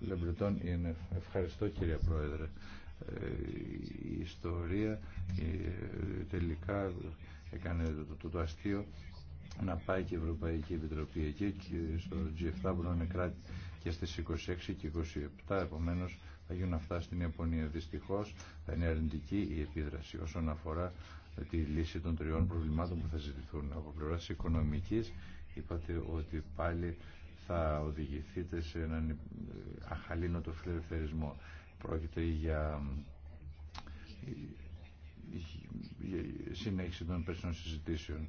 Λεμπρετών Ευχαριστώ κύριε Πρόεδρε. Ε, η ιστορία ε, τελικά έκανε το, το, αστείο να πάει και η Ευρωπαϊκή Επιτροπή εκεί και στο G7 που είναι κράτη και στις 26 και 27 επομένως θα γίνουν αυτά στην Ιαπωνία. Δυστυχώς θα είναι αρνητική η επίδραση όσον αφορά τη λύση των τριών προβλημάτων που θα ζητηθούν από πλευράς οικονομικής είπατε ότι πάλι θα οδηγηθείτε σε έναν ε, αχαλήνοτο φιλελευθερισμό. Πρόκειται για ε, ε, συνέχιση των περσινών συζητήσεων.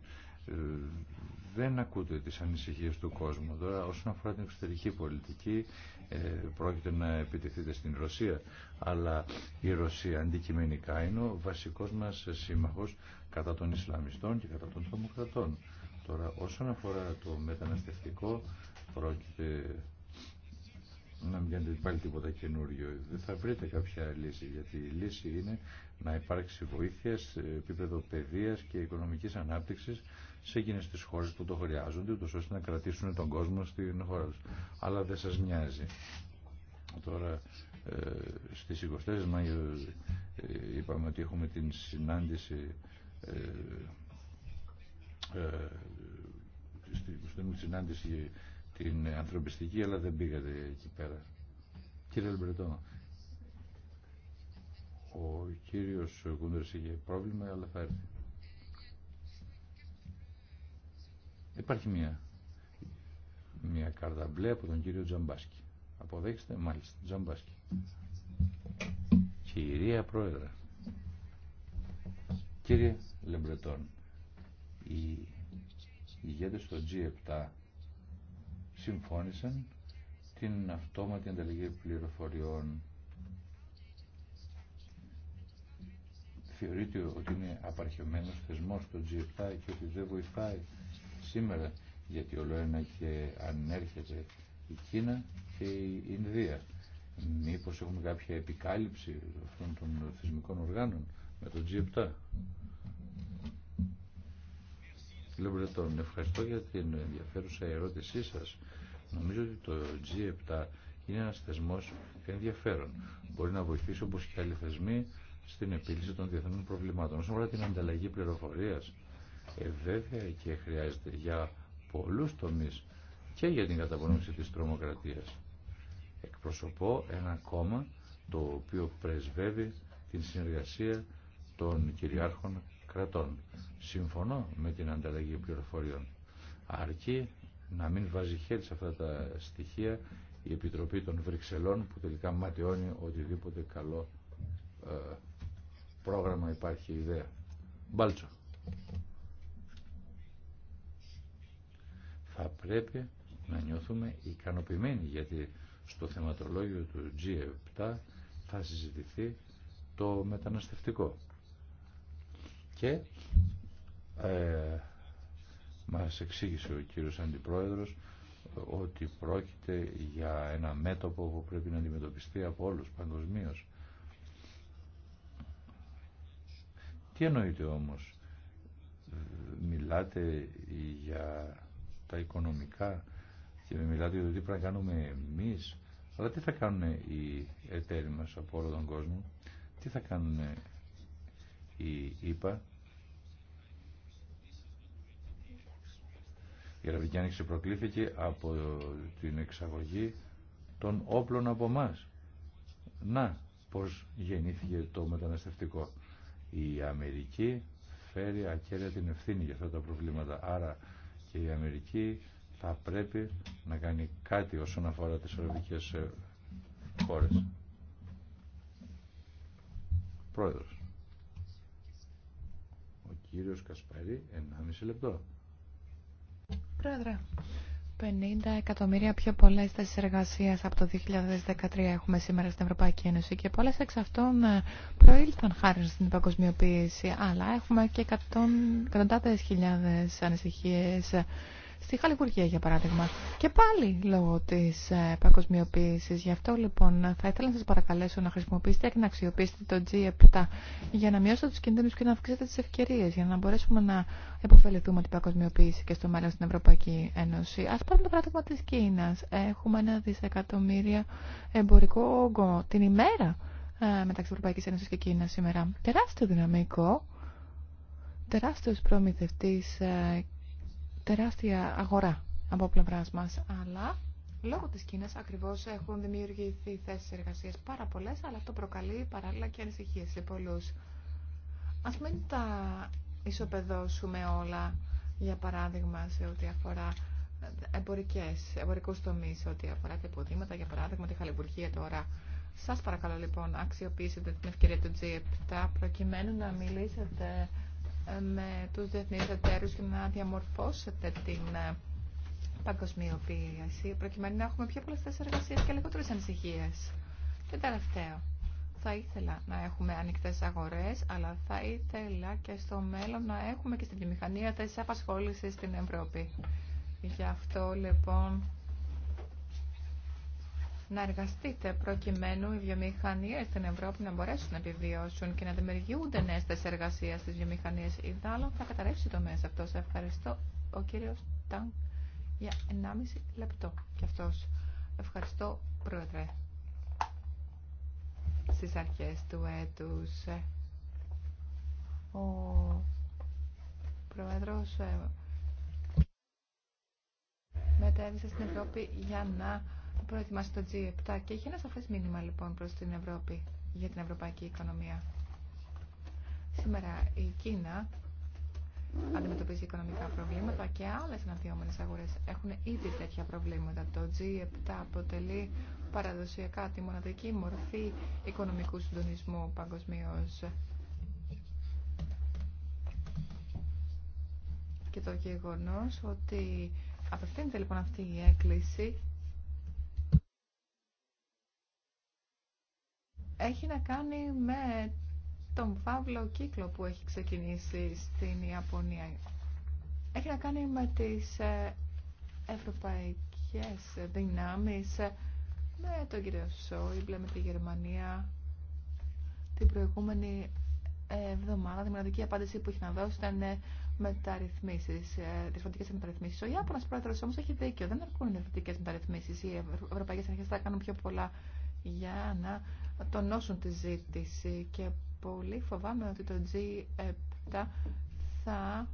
Δεν ακούτε τις ανησυχίες του κόσμου. Τώρα όσον αφορά την εξωτερική πολιτική πρόκειται να επιτεθείτε στην Ρωσία αλλά η Ρωσία αντικειμενικά είναι ο βασικός μας σύμμαχος κατά των Ισλαμιστών και κατά των τρομοκρατών. Τώρα όσον αφορά το μεταναστευτικό πρόκειται να μην κάνετε πάλι τίποτα καινούριο. Δεν θα βρείτε κάποια λύση, γιατί η λύση είναι να υπάρξει βοήθεια σε επίπεδο παιδείας και οικονομικής ανάπτυξης σε εκείνες τις χώρες που το χρειάζονται, ούτως ώστε να κρατήσουν τον κόσμο στην χώρα τους. Αλλά δεν σας νοιάζει. Τώρα ε, στις 24 Μαΐου ε, είπαμε ότι έχουμε την συνάντηση ε, ε στην συνάντηση την ανθρωπιστική, αλλά δεν πήγατε εκεί πέρα. Κύριε Λεμπρετό, ο κύριος Κούντερς είχε πρόβλημα, αλλά θα έρθει. Υπάρχει μία, μία κάρτα μπλε από τον κύριο Τζαμπάσκι. Αποδέχεστε, μάλιστα, Τζαμπάσκι. Κυρία Πρόεδρε, κύριε Λεμπρετόν. η ηγέτες στο G7 συμφώνησαν την αυτόματη ανταλλαγή πληροφοριών. Θεωρείται ότι είναι απαρχαιωμένος θεσμός το G7 και ότι δεν βοηθάει σήμερα γιατί όλο ένα και ανέρχεται η Κίνα και η Ινδία. Μήπως έχουμε κάποια επικάλυψη αυτών των θεσμικών οργάνων με το G7. Κύριε ευχαριστώ για την ενδιαφέρουσα ερώτησή σας. Νομίζω ότι το G7 είναι ένας θεσμός ενδιαφέρον. Μπορεί να βοηθήσει όπως και άλλοι θεσμοί στην επίλυση των διεθνών προβλημάτων. Όσον αφορά την ανταλλαγή πληροφορίας, ε, βέβαια και χρειάζεται για πολλούς τομείς και για την καταπονόμηση της τρομοκρατίας. Εκπροσωπώ ένα κόμμα το οποίο πρεσβεύει την συνεργασία των κυριάρχων κρατών. Συμφωνώ με την ανταλλαγή πληροφοριών. Αρκεί να μην βάζει χέρι σε αυτά τα στοιχεία η Επιτροπή των Βρυξελών που τελικά ματαιώνει οτιδήποτε καλό ε, πρόγραμμα υπάρχει ιδέα. Μπάλτσο. Θα πρέπει να νιώθουμε ικανοποιημένοι γιατί στο θεματολόγιο του G7 θα συζητηθεί το μεταναστευτικό. Και ε, μας εξήγησε ο κύριος Αντιπρόεδρος ότι πρόκειται για ένα μέτωπο που πρέπει να αντιμετωπιστεί από όλους παγκοσμίω. Τι εννοείται όμως, μιλάτε για τα οικονομικά και μιλάτε για το τι πρέπει να κάνουμε εμείς, αλλά τι θα κάνουν οι εταίροι μας από όλο τον κόσμο, τι θα κάνουν οι ΙΠΑ, Η Αραβική Άνοιξη προκλήθηκε από την εξαγωγή των όπλων από εμά. Να, πώς γεννήθηκε το μεταναστευτικό. Η Αμερική φέρει ακέραια την ευθύνη για αυτά τα προβλήματα. Άρα και η Αμερική θα πρέπει να κάνει κάτι όσον αφορά τις αραβικές ε, χώρες. Πρόεδρος. Ο κύριος Κασπαρή, 1,5 λεπτό. Πρόεδρε. 50 εκατομμύρια πιο πολλέ θέσει εργασία από το 2013 έχουμε σήμερα στην Ευρωπαϊκή Ένωση και πολλέ εξ αυτών ε, προήλθαν χάρη στην παγκοσμιοποίηση. Αλλά έχουμε και εκατοντάδε χιλιάδε ανησυχίε στη Χαλιβουργία για παράδειγμα. Και πάλι λόγω της ε, παγκοσμιοποίηση. Γι' αυτό λοιπόν θα ήθελα να σα παρακαλέσω να χρησιμοποιήσετε και να αξιοποιήσετε το G7 για να μειώσετε του κινδύνου και να αυξήσετε τι ευκαιρίε, για να μπορέσουμε να επωφεληθούμε την παγκοσμιοποίηση και στο μέλλον στην Ευρωπαϊκή Ένωση. Α πάρουμε το παράδειγμα τη Κίνα. Έχουμε ένα δισεκατομμύρια εμπορικό όγκο την ημέρα ε, μεταξύ Ευρωπαϊκή Ένωση και Κίνα σήμερα. Τεράστιο δυναμικό, τεράστιος προμηθευτής ε, τεράστια αγορά από πλευρά μα. Αλλά λόγω τη Κίνα ακριβώ έχουν δημιουργηθεί θέσει εργασία πάρα πολλέ, αλλά αυτό προκαλεί παράλληλα και ανησυχίε σε πολλού. Α μην τα ισοπεδώσουμε όλα, για παράδειγμα, σε ό,τι αφορά εμπορικές, τομεί, σε ό,τι αφορά τα υποδήματα, για παράδειγμα τη χαλιβουργία τώρα. Σας παρακαλώ λοιπόν αξιοποιήσετε την ευκαιρία του G7 προκειμένου να μιλήσετε με τους διεθνείς εταίρους και να διαμορφώσετε την ε, παγκοσμιοποίηση προκειμένου να έχουμε πιο πολλές θέσεις εργασίας και λιγότερες ανησυχίες. Και τελευταίο, θα ήθελα να έχουμε ανοιχτές αγορές, αλλά θα ήθελα και στο μέλλον να έχουμε και στην επιμηχανία θέσεις απασχόλησης στην Ευρώπη. Γι' αυτό λοιπόν να εργαστείτε προκειμένου οι βιομηχανίε στην Ευρώπη να μπορέσουν να επιβιώσουν και να δημιουργούνται νέε θέσει εργασία στι βιομηχανίε. Ιδάλλον θα καταρρεύσει το μέσα αυτό. Σε ευχαριστώ ο κύριο Ταν για 1,5 λεπτό. Και αυτό. Ευχαριστώ, Πρόεδρε. Στις αρχέ του έτου ε, ο πρόεδρο ε, μετέβησε στην Ευρώπη για να προετοιμάσει το G7 και έχει ένα σαφές μήνυμα λοιπόν προς την Ευρώπη για την ευρωπαϊκή οικονομία. Σήμερα η Κίνα αντιμετωπίζει οικονομικά προβλήματα και άλλες αναδυόμενες αγορές έχουν ήδη τέτοια προβλήματα. Το G7 αποτελεί παραδοσιακά τη μοναδική μορφή οικονομικού συντονισμού παγκοσμίω. Και το γεγονός ότι απευθύνεται λοιπόν αυτή η έκκληση έχει να κάνει με τον φαύλο κύκλο που έχει ξεκινήσει στην Ιαπωνία. Έχει να κάνει με τις ε, ευρωπαϊκές δυνάμεις, ε, με τον κύριο Σόιμπλε, με τη Γερμανία. Την προηγούμενη εβδομάδα, Η μοναδική απάντηση που έχει να δώσει ήταν ε, μεταρρυθμίσει, τα μεταρρυθμίσεις. Ο Ιάπωνας πρόεδρος όμω έχει δίκιο. Δεν αρκούν οι διαφορετικέ μεταρρυθμίσει. Οι ευρωπαϊκές αρχέ θα κάνουν πιο πολλά για να τονώσουν τη ζήτηση και πολύ φοβάμαι ότι το G7 θα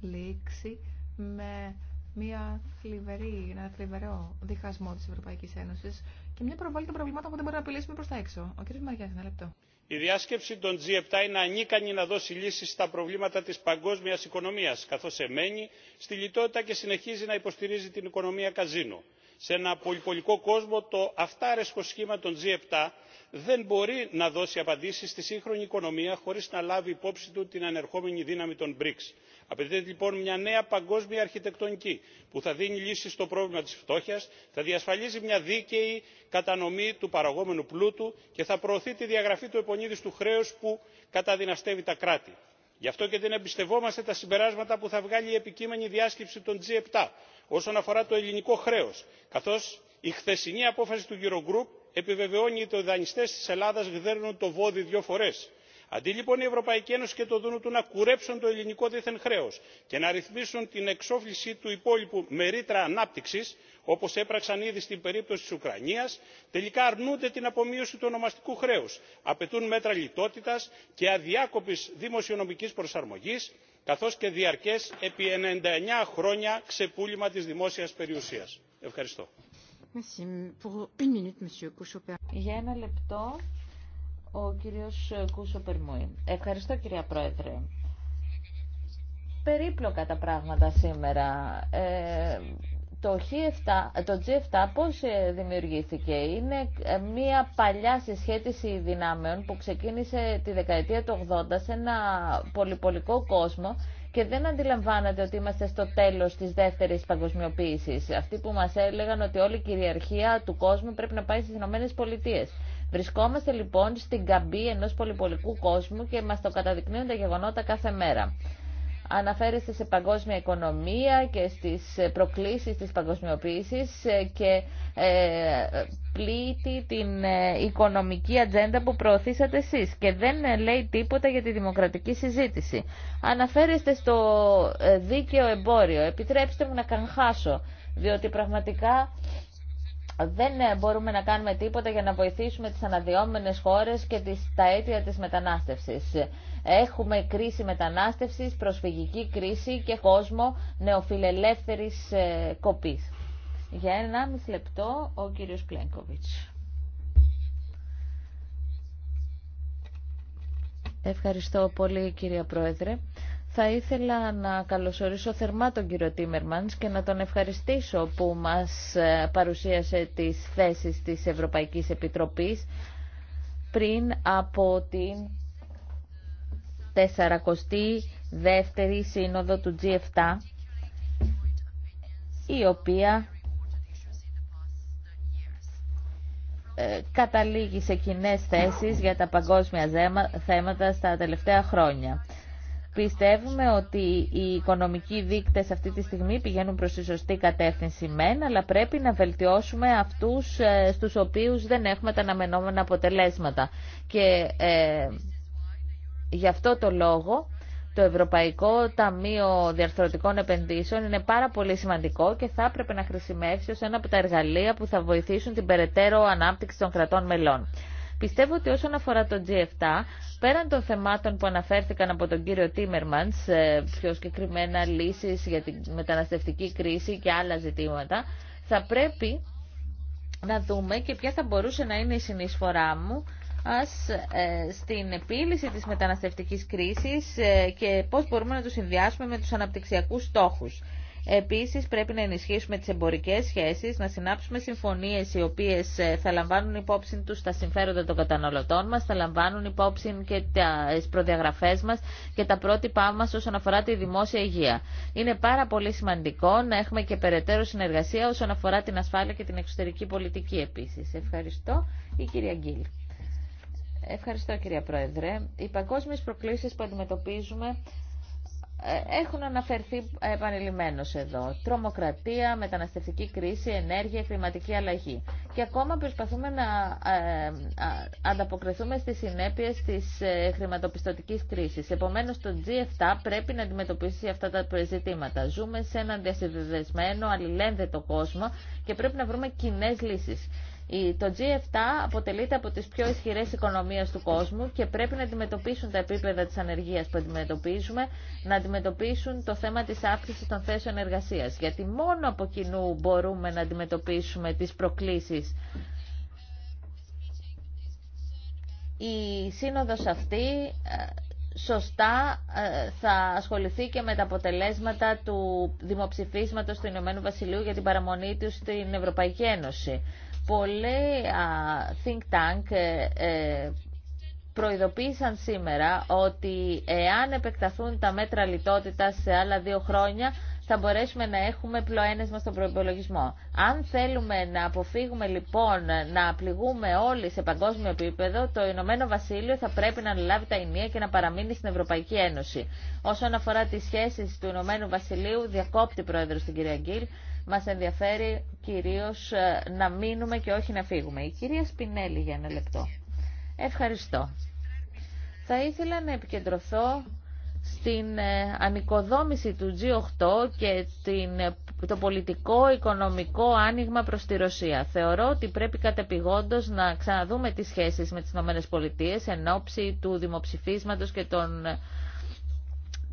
λήξει με μια θλιβερή, ένα θλιβερό διχασμό της Ευρωπαϊκής Ένωσης και μια προβολή των προβλημάτων που δεν μπορούμε να απειλήσουμε προς τα έξω. Ο κ. Μαριάς, ένα λεπτό. Η διάσκεψη των G7 είναι ανίκανη να δώσει λύσεις στα προβλήματα της παγκόσμιας οικονομίας, καθώς εμένει στη λιτότητα και συνεχίζει να υποστηρίζει την οικονομία καζίνο σε ένα πολυπολικό κόσμο το αυτάρεσκο σχήμα των g7 δεν μπορεί να δώσει απαντήσεις στη σύγχρονη οικονομία χωρίς να λάβει υπόψη του την ανερχόμενη δύναμη των brics. απαιτείται λοιπόν μια νέα παγκόσμια αρχιτεκτονική που θα δίνει λύσεις στο πρόβλημα της φτώχειας θα διασφαλίζει μια δίκαιη κατανομή του παραγόμενου πλούτου και θα προωθεί τη διαγραφή του επονίδης του χρέους που καταδυναστεύει τα κράτη. γι' αυτό και δεν εμπιστευόμαστε τα συμπεράσματα που θα βγάλει η επικείμενη διάσκεψη των g7 όσον αφορά το ελληνικό χρέο. Καθώ η χθεσινή απόφαση του eurogroup επιβεβαιώνει ότι οι δανειστέ τη Ελλάδα γδέρνουν το βόδι δύο φορές. αντί λοιπόν η ευρωπαϊκή ένωση και το του να κουρέψουν το ελληνικό δίθεν χρέο και να ρυθμίσουν την εξόφληση του υπόλοιπου με ρήτρα ανάπτυξη όπως έπραξαν ήδη στην περίπτωση τη ουκρανίας τελικά αρνούνται την απομείωση του ονομαστικού χρέου, απαιτούν μέτρα λιτότητα και αδιάκοπη δημοσιονομική προσαρμογή καθώς και διαρκές επί 99 χρόνια ξεπούλημα της δημόσιας περιουσίας. Ευχαριστώ. Για ένα λεπτό, ο κύριος Κούσο Περμούιν. Ευχαριστώ κυρία Πρόεδρε. Περίπλοκα τα πράγματα σήμερα. Ε, το, G7, το G7 πώς ε, δημιουργήθηκε. Είναι ε, μια παλιά συσχέτιση δυνάμεων που ξεκίνησε τη δεκαετία του 80 σε ένα πολυπολικό κόσμο και δεν αντιλαμβάνεται ότι είμαστε στο τέλος της δεύτερης παγκοσμιοποίησης. Αυτοί που μας έλεγαν ότι όλη η κυριαρχία του κόσμου πρέπει να πάει στις Ηνωμένες Πολιτείες. Βρισκόμαστε λοιπόν στην καμπή ενός πολυπολικού κόσμου και μας το καταδεικνύουν τα γεγονότα κάθε μέρα αναφέρεστε σε παγκόσμια οικονομία και στις ε, προκλήσεις της παγκοσμιοποίησης ε, και ε, πλήττει την οικονομική ατζέντα που προωθήσατε εσείς και δεν λέει τίποτα για τη δημοκρατική συζήτηση. Αναφέρεστε στο δίκαιο εμπόριο. Επιτρέψτε μου να κανχάσω, διότι πραγματικά δεν μπορούμε να κάνουμε τίποτα για να βοηθήσουμε τις αναδυόμενες χώρες και τις, τα αίτια της μετανάστευσης. Έχουμε κρίση μετανάστευσης, προσφυγική κρίση και κόσμο νεοφιλελεύθερης ε, κοπής. Για ένα λεπτό ο κύριος Κλένκοβιτς. Ευχαριστώ πολύ κυρία Πρόεδρε. Θα ήθελα να καλωσορίσω θερμά τον κύριο Τίμερμανς και να τον ευχαριστήσω που μας ε, παρουσίασε τις θέσεις της Ευρωπαϊκής Επιτροπής πριν από την 42η Σύνοδο του G7, η οποία ε, καταλήγει σε κοινέ θέσεις για τα παγκόσμια θέματα στα τελευταία χρόνια. Πιστεύουμε ότι οι οικονομικοί δείκτες αυτή τη στιγμή πηγαίνουν προς τη σωστή κατεύθυνση μεν, αλλά πρέπει να βελτιώσουμε αυτούς ε, στους οποίους δεν έχουμε τα αναμενόμενα αποτελέσματα. Και ε, Γι' αυτό το λόγο το Ευρωπαϊκό Ταμείο Διαρθρωτικών Επενδύσεων είναι πάρα πολύ σημαντικό και θα έπρεπε να χρησιμεύσει ως ένα από τα εργαλεία που θα βοηθήσουν την περαιτέρω ανάπτυξη των κρατών μελών. Πιστεύω ότι όσον αφορά το G7, πέραν των θεμάτων που αναφέρθηκαν από τον κύριο Τίμερμαντς, ε, πιο συγκεκριμένα λύσεις για τη μεταναστευτική κρίση και άλλα ζητήματα, θα πρέπει να δούμε και ποια θα μπορούσε να είναι η συνεισφορά μου ε, στην επίλυση της μεταναστευτικής κρίσης ε, και πώς μπορούμε να το συνδυάσουμε με τους αναπτυξιακούς στόχους. Επίσης πρέπει να ενισχύσουμε τις εμπορικές σχέσεις, να συνάψουμε συμφωνίες οι οποίες ε, θα λαμβάνουν υπόψη τους τα συμφέροντα των καταναλωτών μας, θα λαμβάνουν υπόψη και τις προδιαγραφές μας και τα πρότυπά μας όσον αφορά τη δημόσια υγεία. Είναι πάρα πολύ σημαντικό να έχουμε και περαιτέρω συνεργασία όσον αφορά την ασφάλεια και την εξωτερική πολιτική επίσης. Ευχαριστώ. Η κυρία Γκίλ. Ευχαριστώ κυρία Πρόεδρε. Οι παγκόσμιες προκλήσεις που αντιμετωπίζουμε ε, έχουν αναφερθεί επανειλημμένως εδώ. Τρομοκρατία, μεταναστευτική κρίση, ενέργεια, χρηματική αλλαγή. Και ακόμα προσπαθούμε να ε, ανταποκριθούμε στις συνέπειες της ε, χρηματοπιστωτικής κρίσης. Επομένως, το G7 πρέπει να αντιμετωπίσει αυτά τα ζητήματα. Ζούμε σε έναν διασυνδεδεσμένο, αλληλένδετο κόσμο και πρέπει να βρούμε κοινέ λύσεις. Το G7 αποτελείται από τις πιο ισχυρές οικονομίες του κόσμου και πρέπει να αντιμετωπίσουν τα επίπεδα της ανεργίας που αντιμετωπίζουμε, να αντιμετωπίσουν το θέμα της αύξησης των θέσεων εργασίας. Γιατί μόνο από κοινού μπορούμε να αντιμετωπίσουμε τις προκλήσεις η σύνοδος αυτή ε, σωστά ε, θα ασχοληθεί και με τα αποτελέσματα του δημοψηφίσματος του Ηνωμένου Βασιλείου για την παραμονή του στην Ευρωπαϊκή Ένωση. Πολλοί think tank ε, ε, προειδοποίησαν σήμερα ότι εάν επεκταθούν τα μέτρα λιτότητας σε άλλα δύο χρόνια θα μπορέσουμε να έχουμε μας στον προπολογισμό. Αν θέλουμε να αποφύγουμε λοιπόν να πληγούμε όλοι σε παγκόσμιο επίπεδο, το Ηνωμένο Βασίλειο θα πρέπει να αναλάβει τα ενία και να παραμείνει στην Ευρωπαϊκή Ένωση. Όσον αφορά τις σχέσεις του Ηνωμένου Βασιλείου, διακόπτη πρόεδρο την κυρία Γκίλ, μας ενδιαφέρει κυρίως ε, να μείνουμε και όχι να φύγουμε. Η κυρία Σπινέλη για ένα λεπτό. Ευχαριστώ. Θα ήθελα να επικεντρωθώ στην ε, ανοικοδόμηση του G8 και την το πολιτικό οικονομικό άνοιγμα προς τη Ρωσία. Θεωρώ ότι πρέπει κατεπηγόντως να ξαναδούμε τις σχέσεις με τις ΗΠΑ εν ώψη του δημοψηφίσματος και των ε,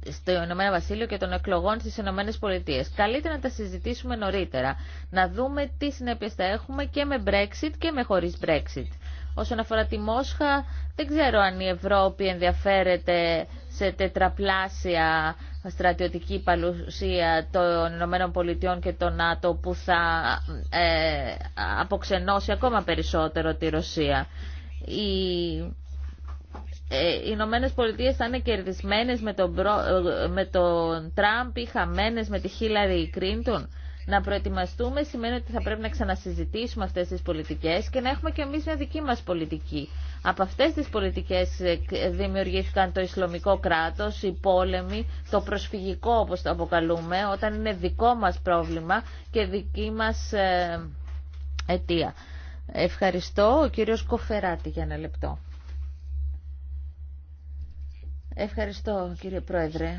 στο Ηνωμένο Βασίλειο και των εκλογών στις Ηνωμένε Πολιτείες. Καλύτερα να τα συζητήσουμε νωρίτερα, να δούμε τι συνέπειε θα έχουμε και με Brexit και με χωρίς Brexit. Όσον αφορά τη Μόσχα, δεν ξέρω αν η Ευρώπη ενδιαφέρεται σε τετραπλάσια στρατιωτική παλουσία των Ηνωμένων Πολιτειών και των ΝΑΤΟ που θα ε, αποξενώσει ακόμα περισσότερο τη Ρωσία. Η ε, οι Ηνωμένε Πολιτείε θα είναι κερδισμένε με τον, ε, με τον Τραμπ ή χαμένε με τη Χίλαρη Κρίντον. Να προετοιμαστούμε σημαίνει ότι θα πρέπει να ξανασυζητήσουμε αυτέ τι πολιτικέ και να έχουμε και εμεί μια δική μα πολιτική. Από αυτέ τι πολιτικέ ε, δημιουργήθηκαν το Ισλαμικό κράτο, οι πόλεμοι, το προσφυγικό όπω το αποκαλούμε, όταν είναι δικό μα πρόβλημα και δική μα αιτία. Ευχαριστώ. Ο κύριος Κοφεράτη για ένα λεπτό. Ευχαριστώ κύριε Πρόεδρε.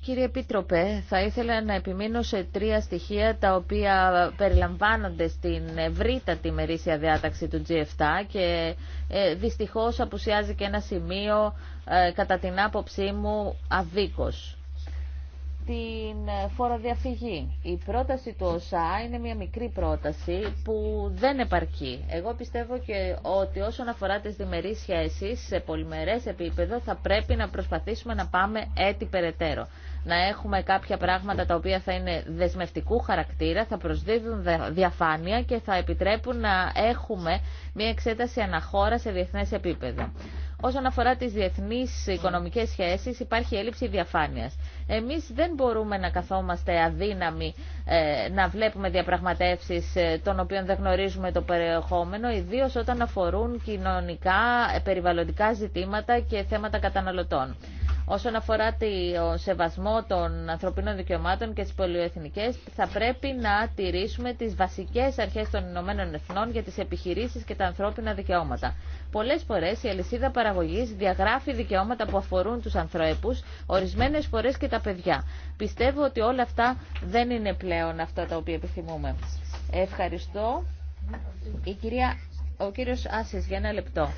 Κύριε Επίτροπε, θα ήθελα να επιμείνω σε τρία στοιχεία τα οποία περιλαμβάνονται στην ευρύτατη μερίσια διάταξη του G7 και ε, δυστυχώς απουσιάζει και ένα σημείο ε, κατά την άποψή μου αδίκως την ε, φοροδιαφυγή. Η πρόταση του ΩΣΑ είναι μια μικρή πρόταση που δεν επαρκεί. Εγώ πιστεύω και ότι όσον αφορά τις διμερείς σχέσεις σε πολυμερές επίπεδο θα πρέπει να προσπαθήσουμε να πάμε έτη περαιτέρω. Να έχουμε κάποια πράγματα τα οποία θα είναι δεσμευτικού χαρακτήρα, θα προσδίδουν διαφάνεια και θα επιτρέπουν να έχουμε μια εξέταση αναχώρα σε διεθνές επίπεδο. Όσον αφορά τις διεθνείς οικονομικές σχέσεις υπάρχει έλλειψη διαφάνειας. Εμείς δεν μπορούμε να καθόμαστε αδύναμοι ε, να βλέπουμε διαπραγματεύσεις ε, των οποίων δεν γνωρίζουμε το περιεχόμενο, ιδίως όταν αφορούν κοινωνικά, ε, περιβαλλοντικά ζητήματα και θέματα καταναλωτών. Όσον αφορά το σεβασμό των ανθρωπίνων δικαιωμάτων και τις πολυεθνικές, θα πρέπει να τηρήσουμε τις βασικές αρχές των Ηνωμένων Εθνών για τις επιχειρήσεις και τα ανθρώπινα δικαιώματα. Πολλές φορές η αλυσίδα παραγωγής διαγράφει δικαιώματα που αφορούν τους ανθρώπους, ορισμένες φορές και τα παιδιά. Πιστεύω ότι όλα αυτά δεν είναι πλέον αυτά τα οποία επιθυμούμε. Ευχαριστώ. κυρία, ο κύριος Άσης για ένα λεπτό.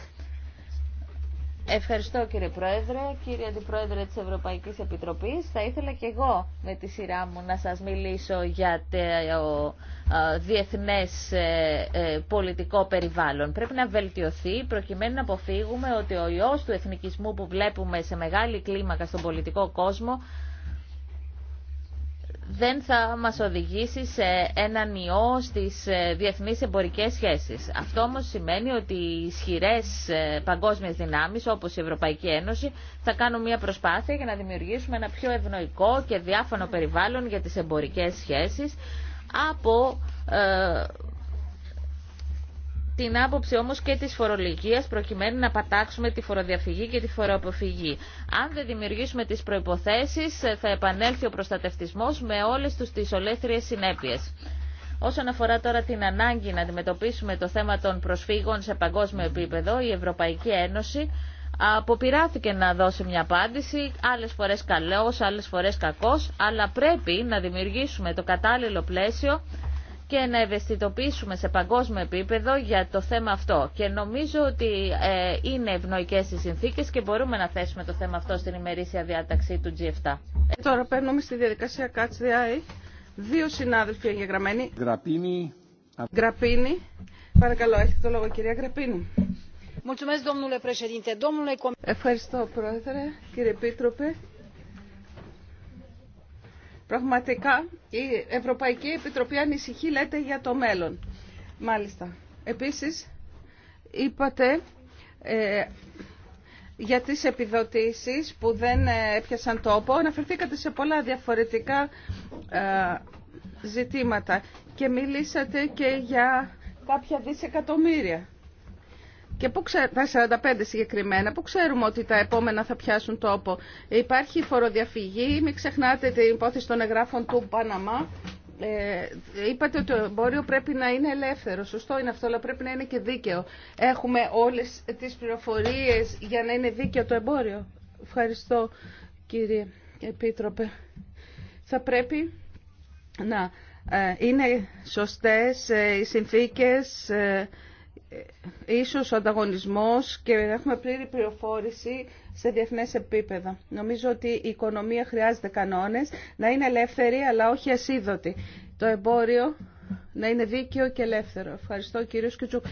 Ευχαριστώ κύριε Πρόεδρε, κύριε Αντιπρόεδρε της Ευρωπαϊκής Επιτροπής. Θα ήθελα και εγώ με τη σειρά μου να σας μιλήσω για το ε, ε, διεθνές ε, πολιτικό περιβάλλον. Πρέπει να βελτιωθεί προκειμένου να αποφύγουμε ότι ο ιός του εθνικισμού που βλέπουμε σε μεγάλη κλίμακα στον πολιτικό κόσμο δεν θα μας οδηγήσει σε έναν ιό στις ε, διεθνείς εμπορικές σχέσεις. Αυτό όμως σημαίνει ότι οι ισχυρές ε, παγκόσμιες δυνάμεις όπως η Ευρωπαϊκή Ένωση θα κάνουν μια προσπάθεια για να δημιουργήσουμε ένα πιο ευνοϊκό και διάφανο περιβάλλον για τις εμπορικές σχέσεις από ε, την άποψη όμως και της φορολογίας προκειμένου να πατάξουμε τη φοροδιαφυγή και τη φοροαποφυγή. Αν δεν δημιουργήσουμε τις προϋποθέσεις θα επανέλθει ο προστατευτισμός με όλες τους τις ολέθριες συνέπειες. Όσον αφορά τώρα την ανάγκη να αντιμετωπίσουμε το θέμα των προσφύγων σε παγκόσμιο επίπεδο, η Ευρωπαϊκή Ένωση αποπειράθηκε να δώσει μια απάντηση, άλλες φορές καλός, άλλες φορές κακός, αλλά πρέπει να δημιουργήσουμε το κατάλληλο πλαίσιο και να ευαισθητοποιήσουμε σε παγκόσμιο επίπεδο για το θέμα αυτό. Και νομίζω ότι ε, είναι ευνοϊκέ οι συνθήκε και μπορούμε να θέσουμε το θέμα αυτό στην ημερήσια διάταξη του G7. Τώρα παίρνουμε στη διαδικασία ΚΑΤΣΔΙΑΗ. Δύο συνάδελφοι εγγεγραμμένοι. Γραπίνη. Γραπίνη. Παρακαλώ, έχετε το λόγο, κυρία Γραπίνη. Ευχαριστώ, Πρόεδρε, κύριε Επίτροπε. Πραγματικά η Ευρωπαϊκή Επιτροπή ανησυχεί, λέτε, για το μέλλον. Μάλιστα. Επίσης, είπατε ε, για τις επιδοτήσεις που δεν ε, έπιασαν τόπο. Αναφερθήκατε σε πολλά διαφορετικά ε, ζητήματα και μιλήσατε και για κάποια δισεκατομμύρια και που ξε... τα 45 συγκεκριμένα, που ξέρουμε ότι τα επόμενα θα πιάσουν τόπο. Υπάρχει φοροδιαφυγή, μην ξεχνάτε την υπόθεση των εγγράφων του Παναμά. Ε, είπατε ότι το εμπόριο πρέπει να είναι ελεύθερο. Σωστό είναι αυτό, αλλά πρέπει να είναι και δίκαιο. Έχουμε όλες τις πληροφορίες για να είναι δίκαιο το εμπόριο. Ευχαριστώ κύριε Επίτροπε. Θα πρέπει να ε, είναι σωστές ε, οι συνθήκες ε, ίσως ο ανταγωνισμός και έχουμε πλήρη πληροφόρηση σε διεθνές επίπεδα. Νομίζω ότι η οικονομία χρειάζεται κανόνες, να είναι ελεύθερη αλλά όχι ασίδωτη. Το εμπόριο να είναι δίκαιο και ελεύθερο. Ευχαριστώ κύριο Σκουτσούκ.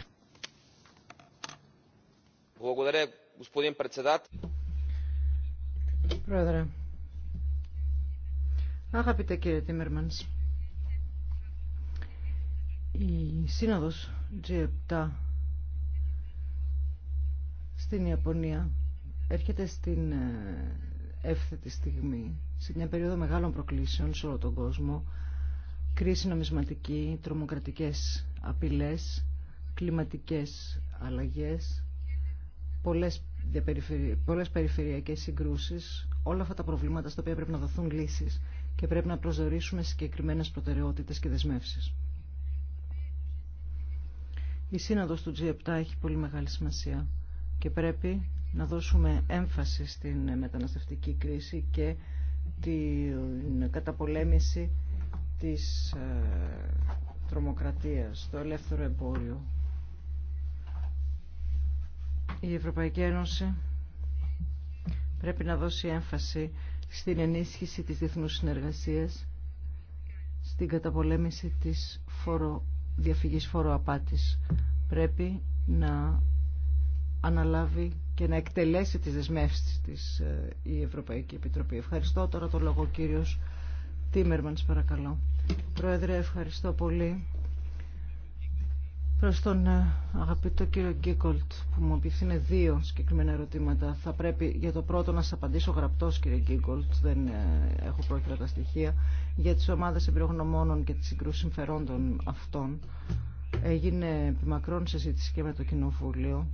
Πρόεδρε, αγαπητέ κύριε Τίμερμανς, η σύνοδος G7 στην Ιαπωνία έρχεται στην ε, εύθετη στιγμή, σε μια περίοδο μεγάλων προκλήσεων σε όλο τον κόσμο, κρίση νομισματική, τρομοκρατικές απειλές, κλιματικές αλλαγές, πολλές, πολλές περιφερειακές συγκρούσεις, όλα αυτά τα προβλήματα στα οποία πρέπει να δοθούν λύσεις και πρέπει να προσδορίσουμε συγκεκριμένες προτεραιότητες και δεσμεύσεις. Η σύνοδος του G7 έχει πολύ μεγάλη σημασία και πρέπει να δώσουμε έμφαση στην μεταναστευτική κρίση και την καταπολέμηση της ε, τρομοκρατίας, το ελεύθερο εμπόριο. Η Ευρωπαϊκή Ένωση πρέπει να δώσει έμφαση στην ενίσχυση της διεθνούς συνεργασίας, στην καταπολέμηση της φοροδιαφυγής φοροαπάτης. Πρέπει να αναλάβει και να εκτελέσει τις δεσμεύσεις της ε, η Ευρωπαϊκή Επιτροπή. Ευχαριστώ τώρα τον λόγο κύριος Τίμερμαντς, παρακαλώ. Πρόεδρε ευχαριστώ πολύ προς τον ε, αγαπητό κύριο Γκίκολτ που μου επιθύνε δύο συγκεκριμένα ερωτήματα. Θα πρέπει για το πρώτο να σας απαντήσω γραπτός κύριε Γκίκολτ, δεν ε, έχω πρόκειρα τα στοιχεία, για τις ομάδες εμπειρογνωμόνων και τις συγκρούσεις συμφερόντων αυτών. Έγινε επιμακρών συζήτηση και με το Κοινοβούλιο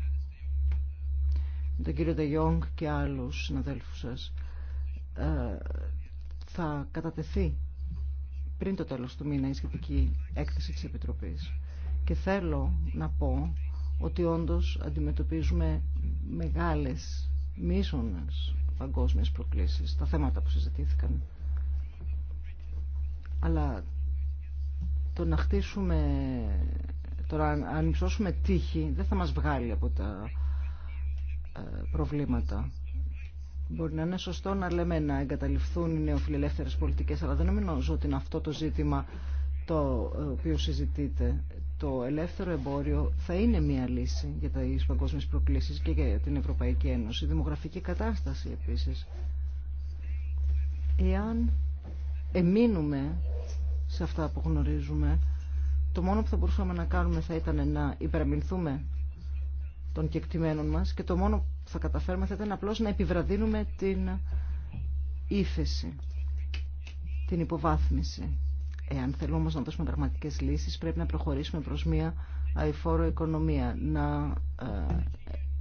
τον κύριο Ντεγιόγκ και άλλους συναδέλφους σας ε, θα κατατεθεί πριν το τέλος του μήνα η σχετική έκθεση της Επιτροπής και θέλω να πω ότι όντως αντιμετωπίζουμε μεγάλες μίσονες παγκόσμιες προκλήσεις τα θέματα που συζητήθηκαν αλλά το να χτίσουμε τώρα αν υψώσουμε τύχη δεν θα μας βγάλει από τα ε, προβλήματα. Μπορεί να είναι σωστό να λέμε να εγκαταληφθούν οι νεοφιλελεύθερες πολιτικές, αλλά δεν νομίζω ότι είναι αυτό το ζήτημα το ε, οποίο συζητείτε. Το ελεύθερο εμπόριο θα είναι μια λύση για τις παγκόσμιες προκλήσεις και για την Ευρωπαϊκή Ένωση. Η δημογραφική κατάσταση επίσης. Εάν εμείνουμε σε αυτά που γνωρίζουμε, το μόνο που θα μπορούσαμε να κάνουμε θα ήταν να υπεραμεινθούμε των κεκτημένων μας και το μόνο που θα καταφέρουμε θα ήταν απλώς να επιβραδύνουμε την ύφεση, την υποβάθμιση. Εάν θέλουμε όμως να δώσουμε πραγματικές λύσεις πρέπει να προχωρήσουμε προς μια αηφόρο οικονομία, να ε,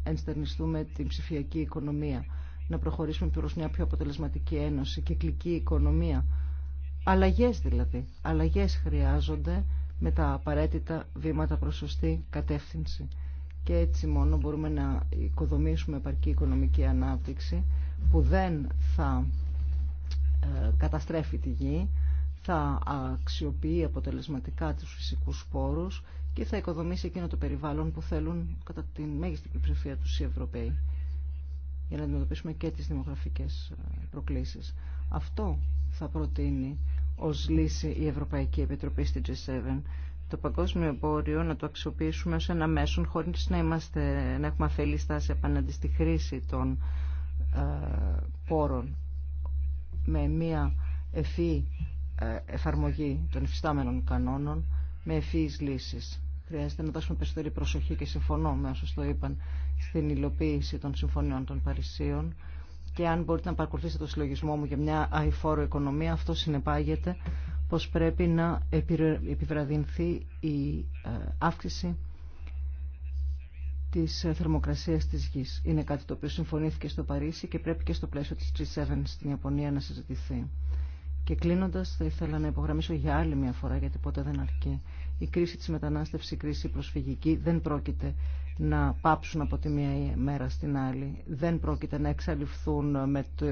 ενστερνιστούμε την ψηφιακή οικονομία, να προχωρήσουμε προς μια πιο αποτελεσματική ένωση, κυκλική οικονομία. Αλλαγές δηλαδή. Αλλαγές χρειάζονται με τα απαραίτητα βήματα προς σωστή κατεύθυνση και έτσι μόνο μπορούμε να οικοδομήσουμε επαρκή οικονομική ανάπτυξη που δεν θα ε, καταστρέφει τη γη, θα αξιοποιεί αποτελεσματικά τους φυσικούς πόρους και θα οικοδομήσει εκείνο το περιβάλλον που θέλουν κατά τη μέγιστη πλειοψηφία τους οι Ευρωπαίοι για να αντιμετωπίσουμε και τις δημογραφικές ε, προκλήσεις. Αυτό θα προτείνει ως λύση η Ευρωπαϊκή Επιτροπή στη G7 το παγκόσμιο εμπόριο να το αξιοποιήσουμε ως ένα μέσον χωρίς να, είμαστε, να έχουμε αφελή στάση απέναντι χρήση των ε, πόρων με μια ευφύ ε, εφαρμογή των υφιστάμενων κανόνων με ευφύης λύσεις. Χρειάζεται να δώσουμε περισσότερη προσοχή και συμφωνώ με όσους το είπαν στην υλοποίηση των συμφωνιών των Παρισίων και αν μπορείτε να παρακολουθήσετε το συλλογισμό μου για μια αηφόρο οικονομία αυτό συνεπάγεται πως πρέπει να επιβραδυνθεί η ε, αύξηση της ε, θερμοκρασίας της γης. Είναι κάτι το οποίο συμφωνήθηκε στο Παρίσι και πρέπει και στο πλαίσιο της G7 στην Ιαπωνία να συζητηθεί. Και κλείνοντα, θα ήθελα να υπογραμμίσω για άλλη μια φορά, γιατί ποτέ δεν αρκεί. Η κρίση τη μετανάστευση, η κρίση προσφυγική δεν πρόκειται να πάψουν από τη μία μέρα στην άλλη. Δεν πρόκειται να εξαλειφθούν με το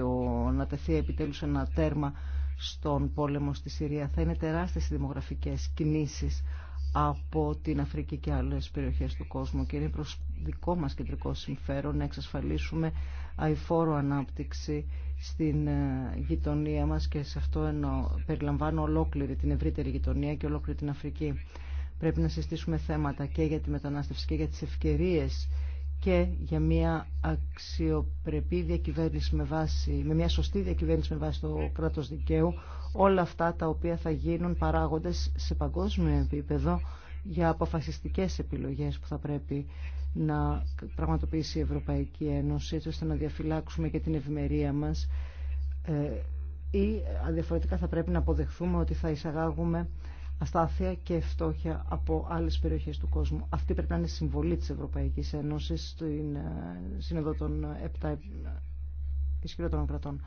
να τεθεί επιτέλου ένα τέρμα στον πόλεμο στη Συρία. Θα είναι τεράστιες οι δημογραφικές κινήσεις από την Αφρική και άλλες περιοχές του κόσμου και είναι προς δικό μας κεντρικό συμφέρον να εξασφαλίσουμε αηφόρο ανάπτυξη στην ε, γειτονία μας και σε αυτό εννοώ, περιλαμβάνω ολόκληρη την ευρύτερη γειτονία και ολόκληρη την Αφρική. Πρέπει να συστήσουμε θέματα και για τη μετανάστευση και για τις ευκαιρίες και για μια αξιοπρεπή διακυβέρνηση με βάση, με μια σωστή διακυβέρνηση με βάση το κράτος δικαίου, όλα αυτά τα οποία θα γίνουν παράγοντες σε παγκόσμιο επίπεδο για αποφασιστικές επιλογές που θα πρέπει να πραγματοποιήσει η Ευρωπαϊκή Ένωση έτσι ώστε να διαφυλάξουμε και την ευημερία μας ε, ή αδιαφορετικά θα πρέπει να αποδεχθούμε ότι θα εισαγάγουμε αστάθεια και φτώχεια από άλλες περιοχές του κόσμου. Αυτή πρέπει να είναι συμβολή της Ευρωπαϊκής Ένωσης στην ε, Σύνοδο των 7 ε, ισχυρότερων κρατών.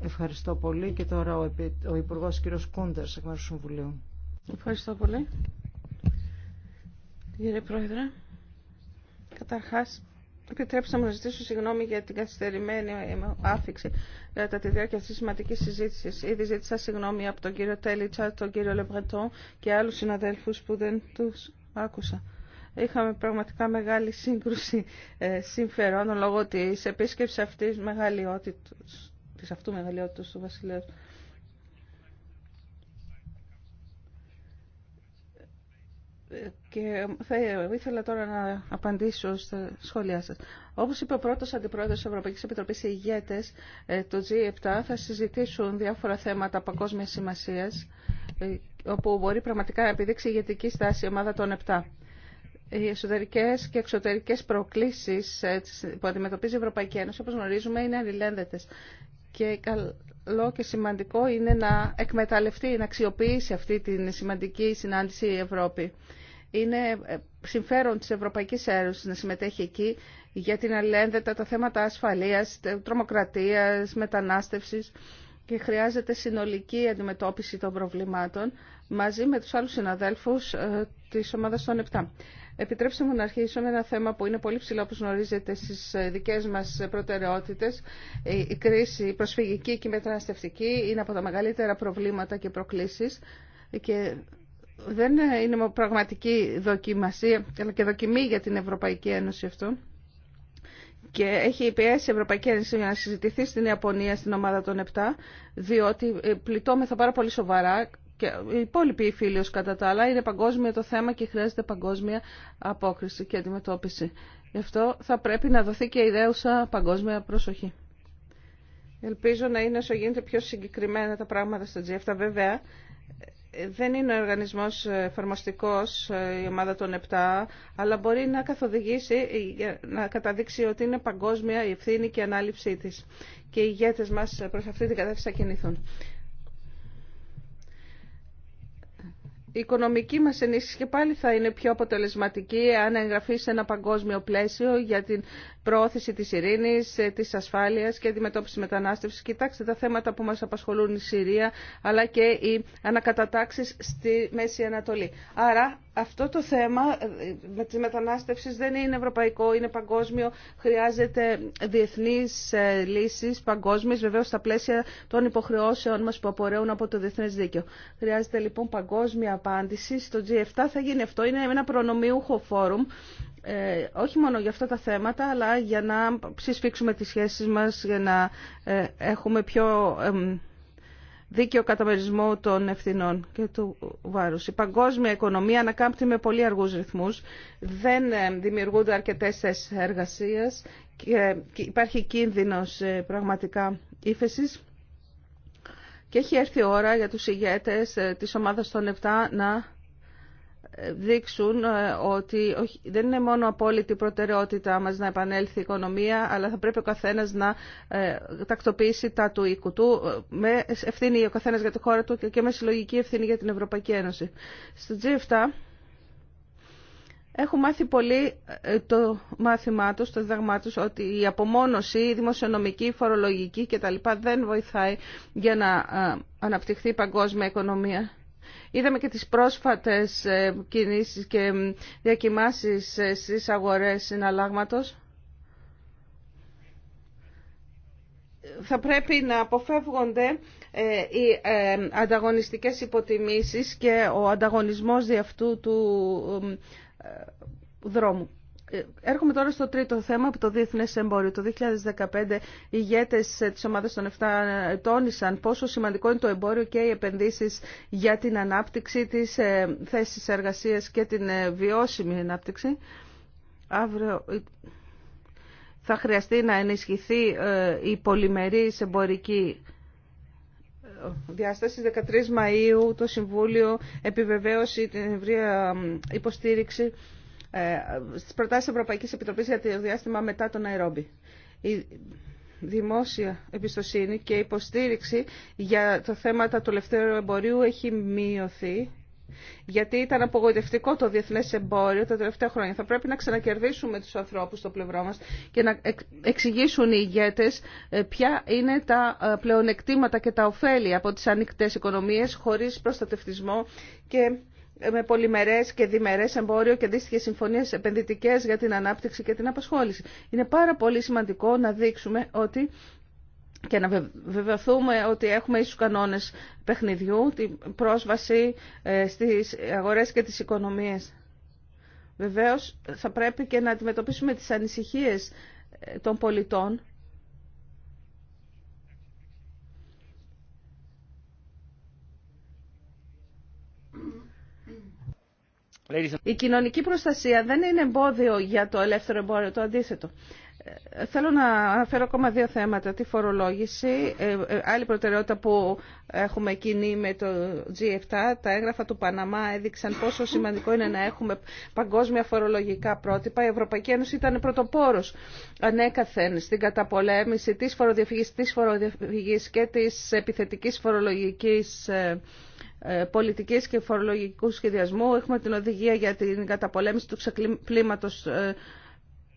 Ευχαριστώ πολύ και τώρα ο, ο Υπουργό κ. Κούντερ εκ μέρου του Συμβουλίου. Ευχαριστώ πολύ. Κύριε Πρόεδρε, καταρχάς Επιτρέψτε μου να ζητήσω συγγνώμη για την καθυστερημένη άφηξη κατά τη διάρκεια αυτή τη σημαντική συζήτηση. Ήδη ζήτησα συγγνώμη από τον κύριο Τέλιτσα, τον κύριο Λεμπρετό και άλλου συναδέλφου που δεν του άκουσα. Είχαμε πραγματικά μεγάλη σύγκρουση ε, συμφερόντων λόγω τη επίσκεψη αυτή τη αυτού μεγαλειότητα του βασιλέου. Ε, και θα ήθελα τώρα να απαντήσω στα σχόλιά σας. Όπως είπε ο πρώτος αντιπρόεδρος της Ευρωπαϊκής Επιτροπής, οι ηγέτες ε, του G7 θα συζητήσουν διάφορα θέματα παγκόσμια σημασίας, ε, όπου μπορεί πραγματικά να επιδείξει ηγετική στάση η ομάδα των 7. Οι εσωτερικέ και εξωτερικές προκλήσεις ε, που αντιμετωπίζει η Ευρωπαϊκή Ένωση, όπως γνωρίζουμε, είναι αλληλένδετες. Και καλό και σημαντικό είναι να εκμεταλλευτεί, να αξιοποιήσει αυτή τη σημαντική συνάντηση η Ευρώπη είναι ε, συμφέρον της Ευρωπαϊκής Ένωσης να συμμετέχει εκεί για την αλληλένδετα τα θέματα ασφαλείας, τρομοκρατίας, μετανάστευσης και χρειάζεται συνολική αντιμετώπιση των προβλημάτων μαζί με τους άλλους συναδέλφους ε, της ομάδας των 7. Επιτρέψτε μου να αρχίσω με ένα θέμα που είναι πολύ ψηλό, όπως γνωρίζετε, στις ε, δικές μας προτεραιότητες. Η κρίση προσφυγική και μεταναστευτική είναι από τα μεγαλύτερα προβλήματα και προκλήσεις και δεν είναι πραγματική δοκιμασία, αλλά και δοκιμή για την Ευρωπαϊκή Ένωση αυτό. Και έχει πιέσει η Ευρωπαϊκή Ένωση για να συζητηθεί στην Ιαπωνία, στην ομάδα των 7, διότι ε, πληττόμεθα πάρα πολύ σοβαρά και οι υπόλοιποι φίλοι ως κατά τα άλλα είναι παγκόσμιο το θέμα και χρειάζεται παγκόσμια απόκριση και αντιμετώπιση. Γι' αυτό θα πρέπει να δοθεί και ιδέουσα παγκόσμια προσοχή. Ελπίζω να είναι όσο γίνεται πιο συγκεκριμένα τα πράγματα στο G7. Βέβαια, δεν είναι ο οργανισμός εφαρμοστικός ε, η ομάδα των 7, αλλά μπορεί να καθοδηγήσει, ε, να καταδείξει ότι είναι παγκόσμια η ευθύνη και η ανάληψή της. Και οι ηγέτες μας προς αυτή την κατεύθυνση θα κινηθούν. η οικονομική μας ενίσχυση και πάλι θα είναι πιο αποτελεσματική αν εγγραφεί σε ένα παγκόσμιο πλαίσιο για την προώθηση της ειρήνης, ε, της ασφάλειας και αντιμετώπιση μετανάστευσης. Κοιτάξτε τα θέματα που μας απασχολούν η Συρία αλλά και οι ανακατατάξεις στη Μέση Ανατολή. Άρα αυτό το θέμα ε, με τις μετανάστευσεις δεν είναι ευρωπαϊκό, είναι παγκόσμιο. Χρειάζεται διεθνείς ε, λύσεις παγκόσμιες, βεβαίως στα πλαίσια των υποχρεώσεων μας που απορρέουν από το διεθνές δίκαιο. Χρειάζεται λοιπόν παγκόσμια απάντηση. Στο G7 θα γίνει αυτό. Είναι ένα προνομιούχο φόρουμ ε, όχι μόνο για αυτά τα θέματα, αλλά για να συσφίξουμε τις σχέσεις μας, για να ε, έχουμε πιο ε, δίκαιο καταμερισμό των ευθυνών και του βάρους. Η παγκόσμια οικονομία ανακάμπτει με πολύ αργούς ρυθμούς, δεν ε, δημιουργούνται αρκετές θέσεις εργασίας και υπάρχει κίνδυνος ε, πραγματικά ύφεσης. Και έχει έρθει η ώρα για τους ηγέτες ε, της ομάδας των 7 να ε, δείξουν ε, ότι δεν είναι μόνο απόλυτη προτεραιότητα μας να επανέλθει η οικονομία, αλλά θα πρέπει ο καθένας να τακτοποιήσει τα του οίκου του, με ευθύνη ο καθένας για τη χώρα του και με συλλογική ευθύνη για την Ευρωπαϊκή Ένωση. Στο G7 έχουν μάθει πολύ ε, το μάθημά του το διδαγμά ότι η απομόνωση, η δημοσιονομική, η φορολογική κτλ. δεν βοηθάει για να ε, αναπτυχθεί η παγκόσμια οικονομία. Είδαμε και τις πρόσφατες ε, κινήσεις και διακοιμάσεις στις αγορές συναλλάγματος. Θα πρέπει να αποφεύγονται οι ανταγωνιστικές υποτιμήσεις και ο ανταγωνισμός δι' αυτού του ε, δρόμου. Ε, έρχομαι τώρα στο τρίτο θέμα από το διεθνέ εμπόριο. Το 2015 οι ηγέτε ε, τη ομάδα των 7 τόνισαν πόσο σημαντικό είναι το εμπόριο και οι επενδύσει για την ανάπτυξη τη θέση εργασία και την βιώσιμη ανάπτυξη. Αύριο θα χρειαστεί να ενισχυθεί η πολυμερή εμπορική διάστασης 13 Μαΐου το Συμβούλιο επιβεβαίωσε την ευρία υποστήριξη ε, στις προτάσεις Ευρωπαϊκής Επιτροπής για το διάστημα μετά τον Αερόμπι. Η δημόσια εμπιστοσύνη και υποστήριξη για το θέματα του ελευθέρου εμπορίου έχει μειωθεί γιατί ήταν απογοητευτικό το διεθνές εμπόριο τα τελευταία χρόνια. Θα πρέπει να ξανακερδίσουμε του ανθρώπου στο πλευρό μας και να εξηγήσουν οι ηγέτε ε, ποια είναι τα ε, πλεονεκτήματα και τα ωφέλη από τις ανοιχτέ οικονομίες χωρίς προστατευτισμό και ε, με πολυμερές και διμερές εμπόριο και αντίστοιχε συμφωνίες επενδυτικέ για την ανάπτυξη και την απασχόληση. Είναι πάρα πολύ σημαντικό να δείξουμε ότι και να βεβαιωθούμε ότι έχουμε ίσους κανόνες παιχνιδιού, την πρόσβαση ε, στις αγορές και τις οικονομίες. Βεβαίως θα πρέπει και να αντιμετωπίσουμε τις ανησυχίες ε, των πολιτών Η κοινωνική προστασία δεν είναι εμπόδιο για το ελεύθερο εμπόριο, το αντίθετο. Θέλω να αναφέρω ακόμα δύο θέματα. Τη φορολόγηση, ε, ε, άλλη προτεραιότητα που έχουμε κοινή με το G7. Τα έγγραφα του Παναμά έδειξαν πόσο σημαντικό είναι να έχουμε παγκόσμια φορολογικά πρότυπα. Η Ευρωπαϊκή Ένωση ήταν πρωτοπόρος ανέκαθεν στην καταπολέμηση της φοροδιαφυγής, της φοροδιαφυγής και της επιθετικής φορολογικής ε, πολιτικής και φορολογικού σχεδιασμού. Έχουμε την οδηγία για την καταπολέμηση του ξεκλήματος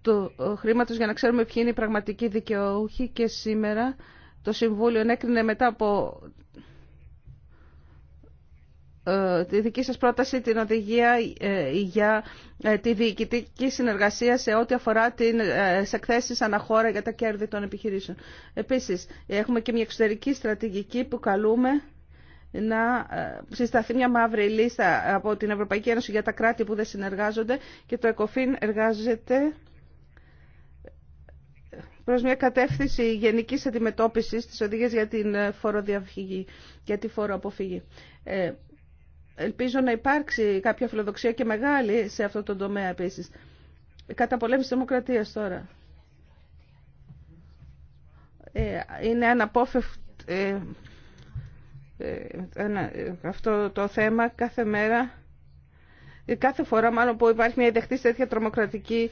του χρήματος για να ξέρουμε ποιοι είναι οι πραγματικοί δικαιούχοι και σήμερα το Συμβούλιο ενέκρινε μετά από ε, τη δική σας πρόταση την οδηγία ε, για ε, τη διοικητική συνεργασία σε ό,τι αφορά την εκθέσεις αναχώρα για τα κέρδη των επιχειρήσεων. Επίσης, έχουμε και μια εξωτερική στρατηγική που καλούμε να συσταθεί μια μαύρη λίστα από την Ευρωπαϊκή Ένωση για τα κράτη που δεν συνεργάζονται και το ΕΚΟΦΗΝ εργάζεται προς μια κατεύθυνση γενικής αντιμετώπισης της οδηγίας για την ε, φοροδιαφυγή, και τη φοροαποφυγή. Ε, ελπίζω να υπάρξει κάποια φιλοδοξία και μεγάλη σε αυτό το τομέα επίσης. Κατά πολέμηση δημοκρατίας τώρα. Ε, είναι αναπόφευκτο. Ε, ε, ε, αυτό το θέμα κάθε μέρα κάθε φορά μάλλον που υπάρχει μια δεχτή τέτοια τρομοκρατική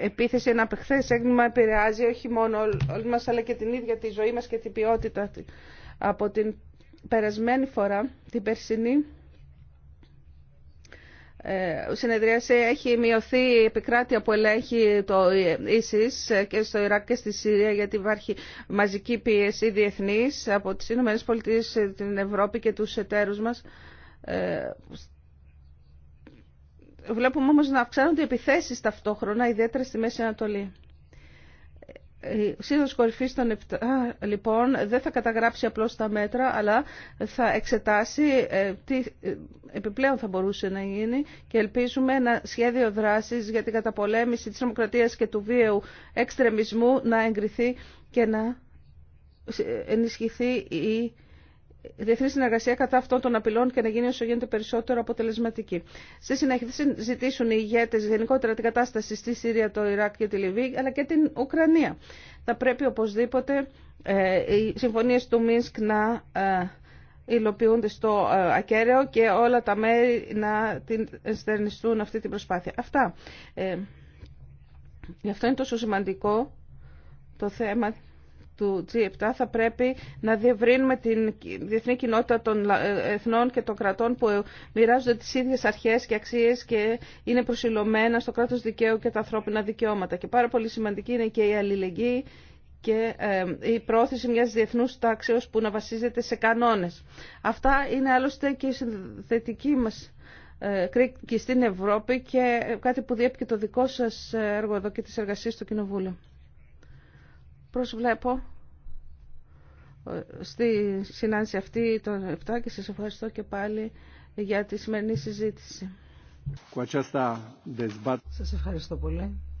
επίθεση, ένα απεχθέ έγκλημα επηρεάζει όχι μόνο όλη μας αλλά και την ίδια τη ζωή μας και την ποιότητα. Από την περασμένη φορά, την περσινή, συνεδρίαση έχει μειωθεί η επικράτεια που ελέγχει το ΙΣΙΣ και στο Ιράκ και στη Συρία γιατί υπάρχει μαζική πίεση διεθνής από τις ΗΠΑ, την Ευρώπη και τους εταίρους μας Βλέπουμε όμως να αυξάνονται οι επιθέσεις ταυτόχρονα, ιδιαίτερα στη Μέση Ανατολή. Ε, η σύνοδος κορυφής των 7, λοιπόν, δεν θα καταγράψει απλώς τα μέτρα, αλλά θα εξετάσει ε, τι ε, επιπλέον θα μπορούσε να γίνει και ελπίζουμε ένα σχέδιο δράσης για την καταπολέμηση της δημοκρατίας και του βίαιου εξτρεμισμού να εγκριθεί και να ενισχυθεί η διεθνή συνεργασία κατά αυτών των απειλών και να γίνει όσο γίνεται περισσότερο αποτελεσματική. Στη συνέχεια θα συζητήσουν οι ηγέτε γενικότερα την κατάσταση στη Συρία, το Ιράκ και τη Λιβύη, αλλά και την Ουκρανία. Θα πρέπει οπωσδήποτε ε, οι συμφωνίε του Μίνσκ να ε, υλοποιούνται στο ε, ακέραιο και όλα τα μέρη να την στερνιστούν αυτή την προσπάθεια. Αυτά. Γι' αυτό είναι τόσο σημαντικό το θέμα του G7 θα πρέπει να διευρύνουμε την διεθνή κοινότητα των ε, εθνών και των κρατών που μοιράζονται τις ίδιες αρχές και αξίες και είναι προσιλωμένα στο κράτος δικαίου και τα ανθρώπινα δικαιώματα. Και πάρα πολύ σημαντική είναι και η αλληλεγγύη και ε, η πρόθεση μιας διεθνούς τάξεως που να βασίζεται σε κανόνες. Αυτά είναι άλλωστε και η συνθετική μας ε, κρίκη στην Ευρώπη και κάτι που διέπει το δικό σας έργο εδώ και τις εργασίες του Κοινοβούλου προσβλέπω ε, στη συνάντηση αυτή των 7 και σας ευχαριστώ και πάλι για τη σημερινή συζήτηση. Σας ευχαριστώ πολύ.